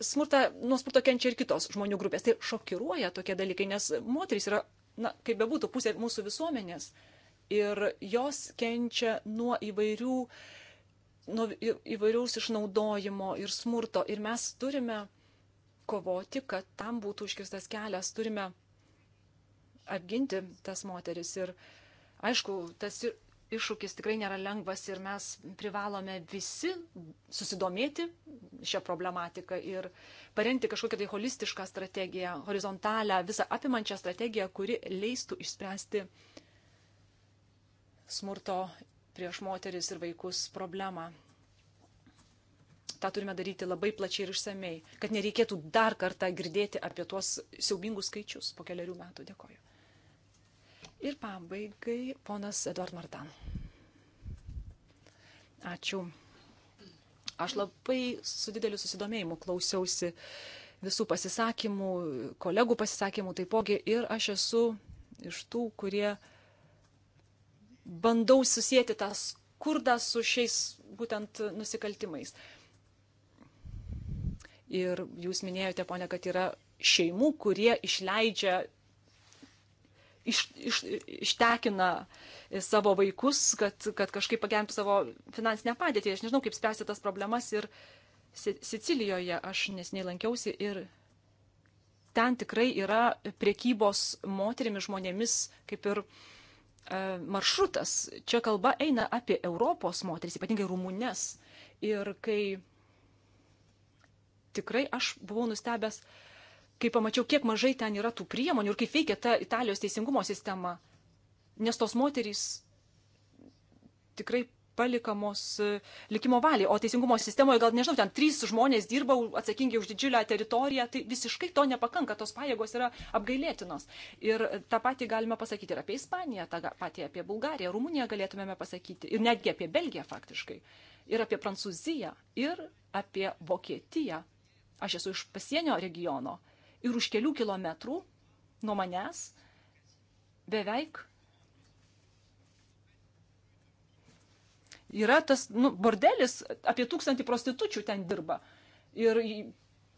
smurta, nuo smurto kenčia ir kitos žmonių grupės. Tai šokiruoja tokie dalykai, nes moteris yra, na, kaip bebūtų, pusė mūsų visuomenės. Ir jos kenčia nuo įvairių, nuo įvairiaus išnaudojimo ir smurto. Ir mes turime kovoti, kad tam būtų užkirstas kelias. Turime apginti tas moteris. Ir aišku, tas ir iššūkis tikrai nėra lengvas ir mes privalome visi susidomėti šią problematiką ir parengti kažkokią tai holistišką strategiją, horizontalią, visą apimančią strategiją, kuri leistų išspręsti smurto prieš moteris ir vaikus problemą. Ta turime daryti labai plačiai ir išsamei, kad nereikėtų dar kartą girdėti apie tuos siaubingus skaičius po keliarių metų. Dėkoju. Ir pabaigai ponas Eduard Martan. Ačiū. Aš labai su dideliu susidomėjimu klausiausi visų pasisakymų, kolegų pasisakymų taipogi ir aš esu iš tų, kurie bandau susijęti tą skurdą su šiais būtent nusikaltimais. Ir jūs minėjote, ponė, kad yra šeimų, kurie išleidžia iš, iš, ištekina savo vaikus, kad, kad kažkaip pagerintų savo finansinę padėtį. Aš nežinau, kaip spręsti tas problemas ir Sicilijoje aš nesiniai lankiausi ir ten tikrai yra priekybos moterimis žmonėmis kaip ir e, maršrutas. Čia kalba eina apie Europos moteris, ypatingai rumunes. Ir kai tikrai aš buvau nustebęs, kai pamačiau, kiek mažai ten yra tų priemonių ir kaip veikia ta Italijos teisingumo sistema, nes tos moterys tikrai palikamos e, likimo valiai. O teisingumo sistemoje gal, nežinau, ten trys žmonės dirba atsakingi už didžiulę teritoriją, tai visiškai to nepakanka, tos pajėgos yra apgailėtinos. Ir e, tą patį galime pasakyti ir apie Ispaniją, tą patį apie Bulgariją, Rumuniją galėtumėme pasakyti, ir netgi apie Belgiją faktiškai, ir apie Prancūziją, ir apie Vokietiją. Aš esu iš pasienio regiono ir už kelių kilometrų nuo manęs beveik yra tas nu, bordelis, apie tūkstantį prostitučių ten dirba. Ir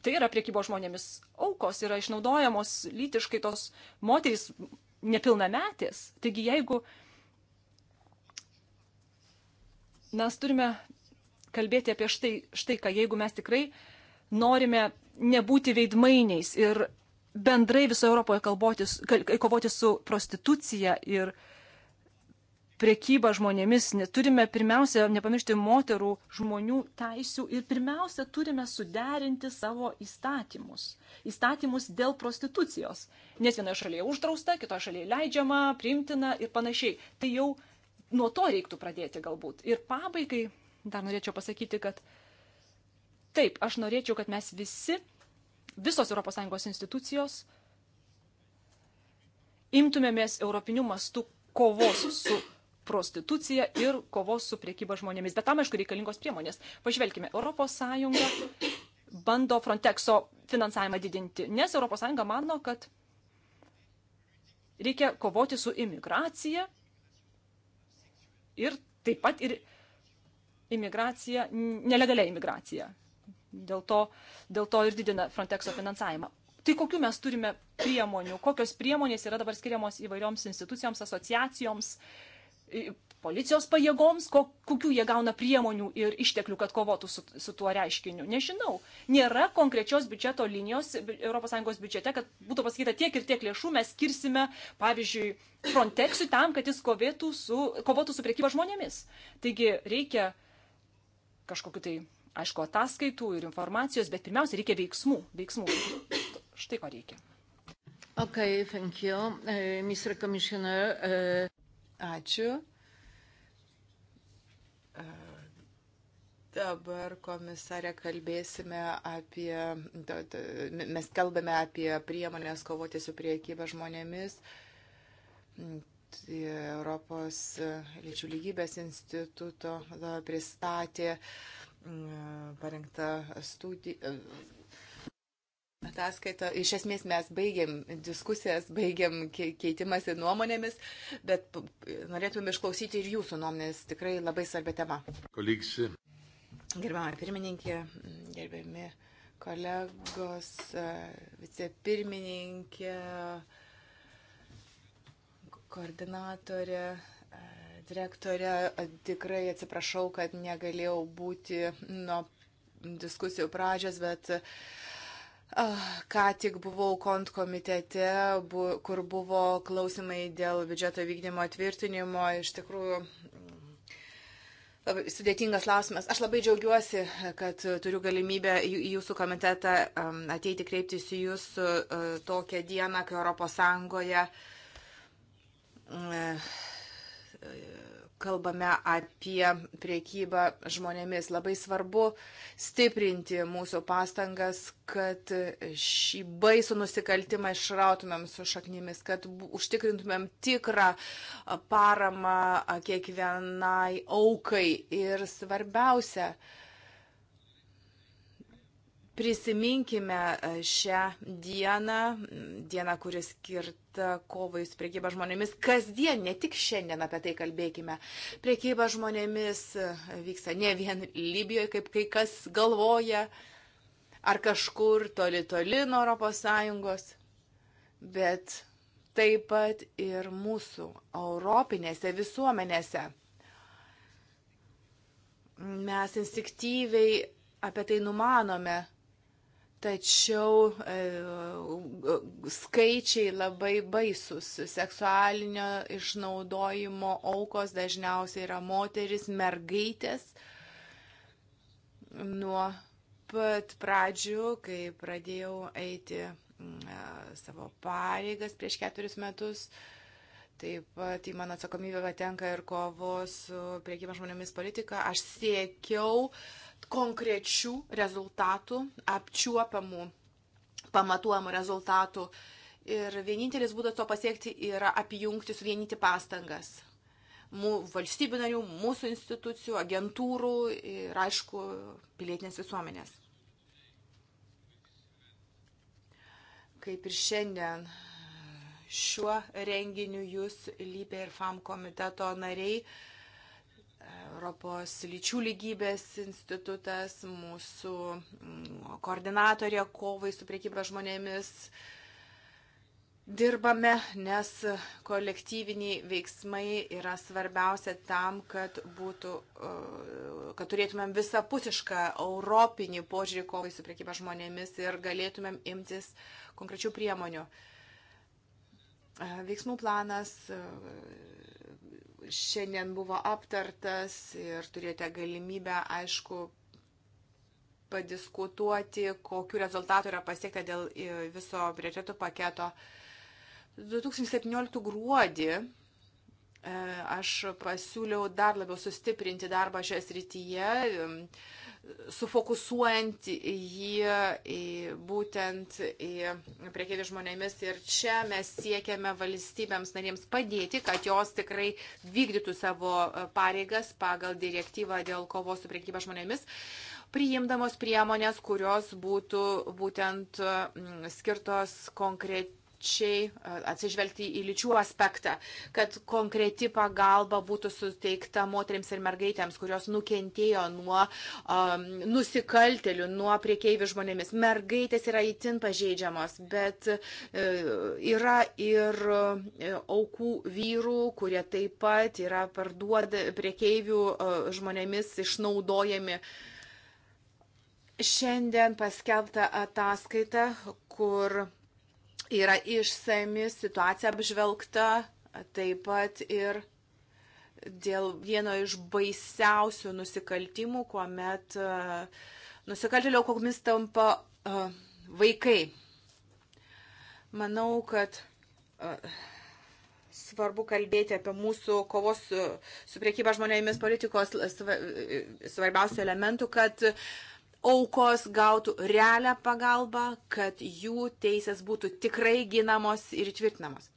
tai yra priekybo žmonėmis aukos, yra išnaudojamos lytiškai tos moterys nepilnametės. Taigi jeigu mes turime kalbėti apie štai, štai ką, jeigu mes tikrai norime nebūti veidmainiais ir bendrai visoje Europoje kalbotis, kovoti su prostitucija ir priekyba žmonėmis, turime pirmiausia nepamiršti moterų žmonių teisių ir pirmiausia turime suderinti savo įstatymus. Įstatymus dėl prostitucijos. Nes vienoje šalyje uždrausta, kitoje šalyje leidžiama, priimtina ir panašiai. Tai jau nuo to reiktų pradėti galbūt. Ir pabaigai dar norėčiau pasakyti, kad uh, Taip, aš norėčiau, kad mes visi, visos ES institucijos, imtumėmės europinių mastų kovos su prostitucija ir kovos su priekyba žmonėmis. Bet tam, aišku, reikalingos priemonės. Pažvelkime, ES bando Frontexo finansavimą didinti, nes ES mano, kad reikia kovoti su imigracija ir taip pat ir imigracija, nelegalia imigracija. Dėl to, dėl to ir didina Frontexo finansavimą. Tai kokiu mes turime priemonių, kokios priemonės yra dabar skiriamos įvairioms institucijoms, asociacijoms, policijos pajėgoms, kokių jie gauna priemonių ir išteklių, kad kovotų su, su tuo reiškiniu. Nežinau. Nėra konkrečios biudžeto linijos ES biudžete, kad būtų pasakyta tiek ir tiek lėšų mes skirsime, pavyzdžiui, Frontexui tam, kad jis su, kovotų su priekyba žmonėmis. Taigi reikia kažkokiu tai aišku, ataskaitų ir informacijos, bet pirmiausia reikia veiksmų. Veiksmų. Štai ko reikia. Okay, thank you, uh, Mr. Commissioner. Uh... Ačiū. Uh... Dabar, komisarė, kalbėsime apie, mes kalbame apie priemonės kovoti su priekyba žmonėmis. Europos uh, lyčių lygybės instituto pristatė parengta studija. Ataskaita, iš esmės mes baigiam diskusijas, baigiam keitimąsi nuomonėmis, bet norėtume išklausyti ir jūsų nuomonės, tikrai labai svarbi tema. Kolegsi. Gerbiamą pirmininkė, gerbiami kolegos, vicepirmininkė, koordinatorė, direktorė, tikrai atsiprašau, kad negalėjau būti nuo diskusijų pradžios, bet ką tik buvau kont komitete, kur buvo klausimai dėl biudžeto vykdymo atvirtinimo. Iš tikrųjų, sudėtingas klausimas. Aš labai džiaugiuosi, kad turiu galimybę į jūsų komitetą ateiti kreiptis į jūs tokią dieną, kai ES kalbame apie priekybą žmonėmis. Labai svarbu stiprinti mūsų pastangas, kad šį baisų nusikaltimą išrautumėm su šaknimis, kad užtikrintumėm tikrą paramą kiekvienai aukai. Ir svarbiausia, Prisiminkime e, šią dieną, dieną, kuris skirta kovai su priekyba žmonėmis. Kasdien, ne tik šiandien apie tai kalbėkime. Priekyba žmonėmis e, vyksta ne vien Libijoje, kaip kai kas galvoja, ar kažkur toli toli nuo ES, bet taip pat ir mūsų europinėse visuomenėse. Mes instinktyviai apie tai numanome Tačiau e, skaičiai labai baisus. Seksualinio išnaudojimo aukos dažniausiai yra moteris, mergaitės. Nuo pat pradžių, kai pradėjau eiti mm, e, savo pareigas prieš keturis metus, taip pat į mano atsakomybę patenka ir kovos su priekyba žmonėmis politika, aš siekiau e, konkrečių rezultatų, apčiuopiamų, pamatuojamų rezultatų. Ir vienintelis būdas to pasiekti yra apjungti, suvienyti pastangas. Mū, valstybių narių, mūsų institucijų, agentūrų ir, aišku, pilietinės visuomenės. Kaip ir šiandien šiuo renginiu jūs, Lybė ir FAM komiteto nariai, uh, Europos lyčių lygybės institutas, mūsų mm, koordinatorė kovai su priekyba žmonėmis. Dirbame, nes kolektyviniai veiksmai yra svarbiausia tam, kad, būtų, e, kad turėtumėm visapusišką europinį požiūrį kovai su priekyba žmonėmis ir galėtumėm imtis konkrečių priemonių. E, veiksmų planas e, šiandien buvo aptartas ir turėjote galimybę, aišku, padiskutuoti, kokiu rezultatu yra pasiekta dėl e, viso prioritetų paketo. 2017 gruodį e, aš pasiūliau dar labiau sustiprinti darbą šioje srityje, sufokusuojant jį į būtent į priekėdį žmonėmis. Ir čia mes siekiame valstybėms narėms padėti, kad jos tikrai vykdytų savo pareigas pagal direktyvą dėl kovos su priekyba žmonėmis priimdamos priemonės, kurios būtų būtent mm, skirtos konkret, plačiai atsižvelgti į lyčių aspektą, kad konkreti pagalba būtų suteikta moteriams ir mergaitėms, kurios nukentėjo nuo um, nusikaltelių, nuo priekeivių žmonėmis. Mergaitės yra įtin pažeidžiamos, bet uh, yra ir uh, aukų vyrų, kurie taip pat yra parduoda priekeivių uh, žmonėmis išnaudojami. Šiandien paskelbta ataskaita, kur yra išsami situacija apžvelgta, taip pat ir dėl vieno iš baisiausių nusikaltimų, kuomet uh, nusikaltėlio kokomis tampa uh, vaikai. Manau, kad uh, svarbu kalbėti apie mūsų kovos su, su priekyba žmonėmis politikos svarbiausių elementų, kad uh, aukos gautų realią pagalbą, kad jų teisės būtų tikrai ginamos ir tvirtinamos.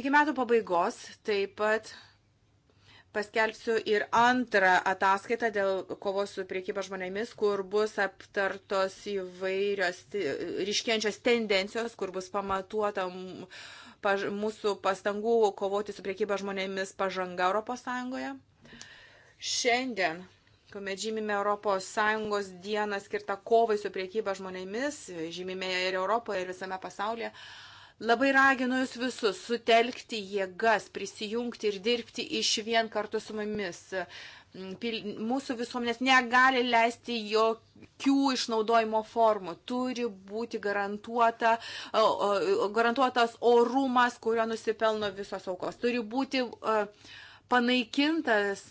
Iki metų pabaigos taip pat paskelbsiu ir antrą ataskaitą dėl kovos su priekyba žmonėmis, kur bus aptartos įvairios ryškiančios tendencijos, kur bus pamatuota paž, mūsų pastangų kovoti su priekyba žmonėmis pažanga ES. Šiandien kuomet žymime ES dieną skirtą kovai su priekyba žmonėmis, žymime ir Europoje, ir visame pasaulyje. Labai raginu jūs visus sutelkti jėgas, prisijungti ir dirbti iš vien kartu su mumis. Mm, mūsų visuomenės negali leisti jokių išnaudojimo formų. Turi būti garantuota, garantuotas orumas, kurio nusipelno visos aukos. Turi būti panaikintas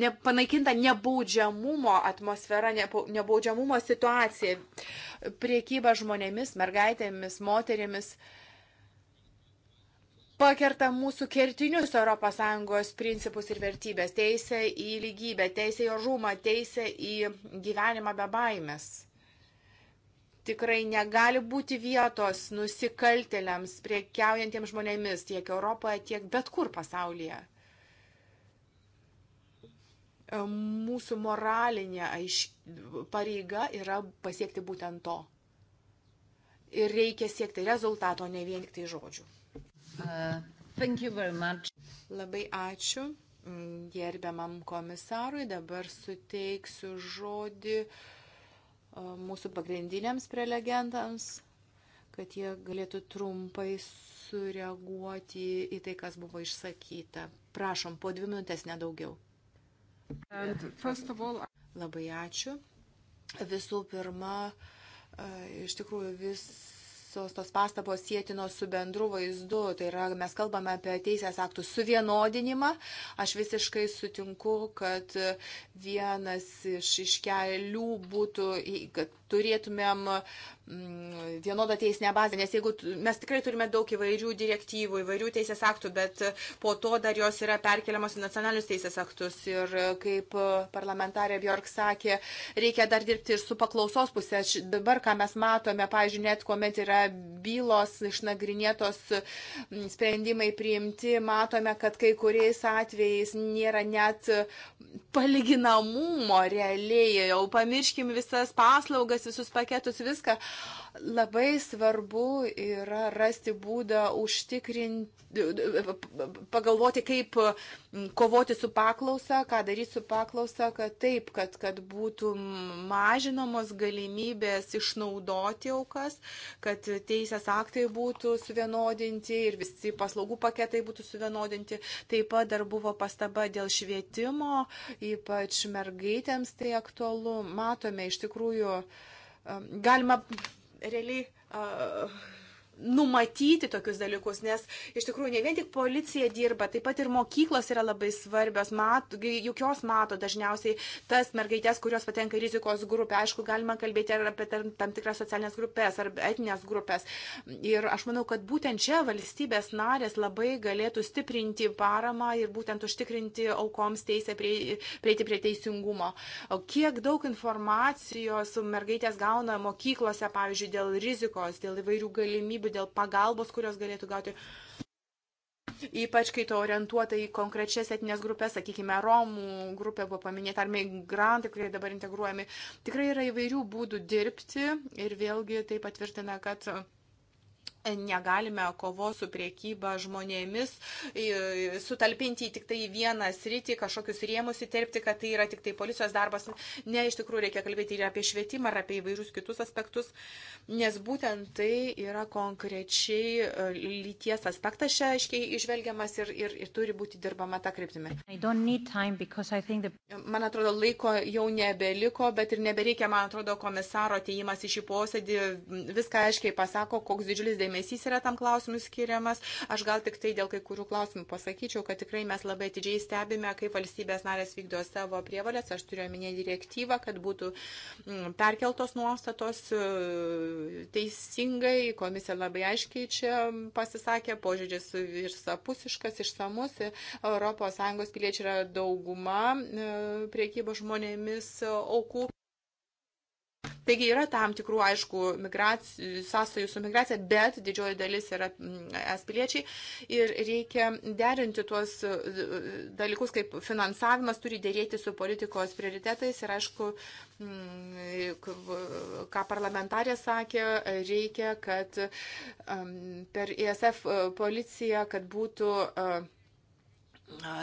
ne, panaikinta nebaudžiamumo atmosfera, ne, nebaudžiamumo situacija, priekyba žmonėmis, mergaitėmis, moterėmis pakerta mūsų kertinius ES principus ir vertybės - teisė į lygybę, teisė į orumą, teisė į gyvenimą be baimės. Tikrai negali būti vietos nusikaltėliams, priekiaujantiems žmonėmis tiek Europoje, tiek bet kur pasaulyje. E, mūsų moralinė aiš, pareiga yra pasiekti būtent to. Ir reikia siekti rezultato, ne vien tik tai žodžių. Uh, Labai ačiū mm, gerbiamam komisarui. Dabar suteiksiu žodį e, mūsų pagrindiniams prelegentams, kad jie galėtų trumpai sureaguoti į tai, kas buvo išsakyta. Prašom, po dvi minutės nedaugiau. All... Labai ačiū. Visų pirma, e, iš tikrųjų visos tos pastabos sėtinos su bendru vaizdu, tai yra mes kalbame apie teisės aktų suvienodinimą. Aš visiškai sutinku, kad vienas iš, iš kelių būtų, kad turėtumėm mm, vienodą teisinę bazę, nes jeigu mes tikrai turime daug įvairių direktyvų, įvairių teisės aktų, bet po to dar jos yra perkeliamos į nacionalinius teisės aktus ir kaip parlamentarė Bjork sakė, reikia dar dirbti ir su paklausos pusė. Dabar, ką mes matome, pavyzdžiui, net kuomet yra bylos išnagrinėtos mm, sprendimai priimti, matome, kad kai kuriais atvejais nėra net palyginamumo realiai, jau pamirškim visas paslaugas tuos visus paketus, viską. Uh, Labai svarbu yra rasti būdą užtikrinti, pagalvoti, kaip kovoti su paklausa, ką daryti su paklausa, kad taip, kad, kad būtų mažinamos galimybės išnaudoti aukas, kad teisės aktai būtų suvienodinti ir visi paslaugų paketai būtų suvienodinti. Taip pat dar buvo pastaba dėl švietimo, ypač mergaitėms tai aktualu. Matome iš tikrųjų, galima realiai numatyti tokius dalykus, nes iš tikrųjų ne vien tik policija dirba, taip pat ir mokyklos yra labai svarbios, mat, juk jos mato dažniausiai tas mergaitės, kurios patenka rizikos grupė, aišku, galima kalbėti ir apie tam, tam tikras socialinės grupės ar etinės grupės. Ir aš manau, kad būtent čia valstybės narės labai galėtų stiprinti paramą ir būtent užtikrinti aukoms teisę prie, prieiti prie teisingumo. O kiek daug informacijos mergaitės gauna mokyklose, pavyzdžiui, dėl rizikos, dėl įvairių galimybių galimybių, dėl pagalbos, kurios galėtų gauti. Ypač kai to orientuota į konkrečias etinės grupės, sakykime, Romų grupė buvo paminėta, ar migrantai, kurie dabar integruojami. Tikrai yra įvairių būdų dirbti ir vėlgi tai patvirtina, kad negalime kovos su priekyba žmonėmis sutalpinti į tik tai vieną sritį, kažkokius rėmus įterpti, kad tai yra tik tai policijos darbas. Ne, iš tikrųjų reikia kalbėti ir apie švietimą, ir apie įvairius kitus aspektus, nes būtent tai yra konkrečiai e, lyties aspektas čia aiškiai išvelgiamas ir, ir, ir turi būti dirbama tą kryptimį. The... Man atrodo, laiko jau nebeliko, bet ir nebereikia, man atrodo, komisaro ateimas į šį posėdį viską aiškiai pasako, koks didžiulis dėmesys dėmesys yra tam klausimui skiriamas. Aš gal tik tai dėl kai kurių klausimų pasakyčiau, kad tikrai mes labai atidžiai stebime, kaip valstybės narės vykdo savo prievalės. Aš turiu omenyje direktyvą, kad būtų mm, perkeltos nuostatos e, teisingai. Komisija labai aiškiai čia pasisakė, požiūris visapusiškas, išsamus. ES piliečiai yra dauguma e, priekybos žmonėmis aukų. Taigi yra tam tikrų, aišku, migrac... sąsajų su migracija, bet didžioji dalis yra mm, es piliečiai ir reikia derinti tuos e, dalykus, kaip finansavimas turi dėrėti su politikos prioritetais ir, aišku, mm, ką parlamentarė sakė, reikia, kad per ESF e, policiją, kad būtų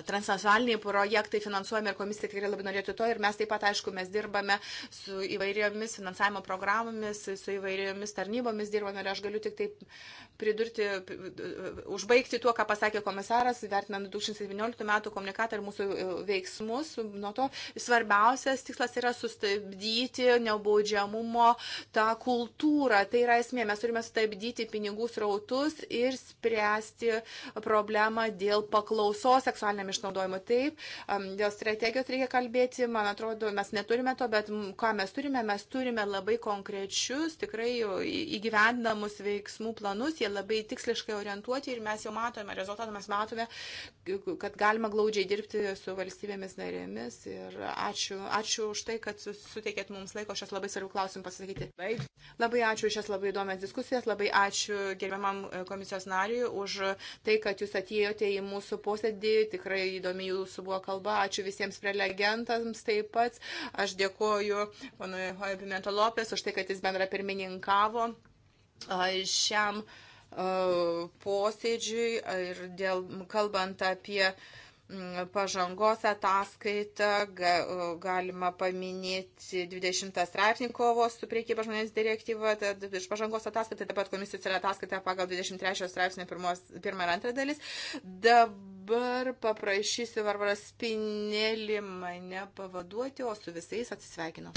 transnacionaliniai projektai finansuojami ir komisija tikrai labai norėtų to ir mes taip pat, aišku, mes dirbame su įvairiomis finansavimo programomis, su įvairiomis tarnybomis dirbame ir aš galiu tik taip pridurti, užbaigti tuo, ką pasakė komisaras, vertinant 2017 metų komunikatą ir mūsų e, veiksmus. Nuo to svarbiausias tikslas yra sustabdyti nebaudžiamumo tą kultūrą. Tai yra esmė, mes turime sustabdyti pinigų srautus ir spręsti problemą dėl paklausos seksualiniam išnaudojimu. Taip, dėl strategijos reikia kalbėti, man atrodo, mes neturime to, bet ką mes turime, mes turime labai konkrečius, tikrai įgyvendinamus veiksmų planus, jie labai tiksliškai orientuoti ir mes jau matome rezultatą, mes matome, kad galima glaudžiai dirbti su valstybėmis narėmis. Ir ačiū, ačiū už tai, kad suteikėt mums laiko šias labai svarbių klausimų pasakyti. Labai ačiū šias labai įdomias diskusijas, labai ačiū gerbiamam e, komisijos nariui už tai, kad jūs atėjote į mūsų posėdį tikrai įdomi jūsų buvo kalba. Ačiū visiems prelegentams taip pat. Aš dėkoju ponui Pimento Lopės už tai, kad jis bendra pirmininkavo šiam posėdžiui ir dėl, kalbant apie uh, pažangos ataskaitą, galima paminėti 20 straipsnį kovos su priekyba žmonėms direktyva, tad iš pažangos ataskaitą taip pat komisijos yra ataskaita pagal 23 straipsnį pirmos, pirmą ir antrą dalis. Dabar paprašysiu Varvaras Spinelį mane pavaduoti, o su visais atsisveikinu.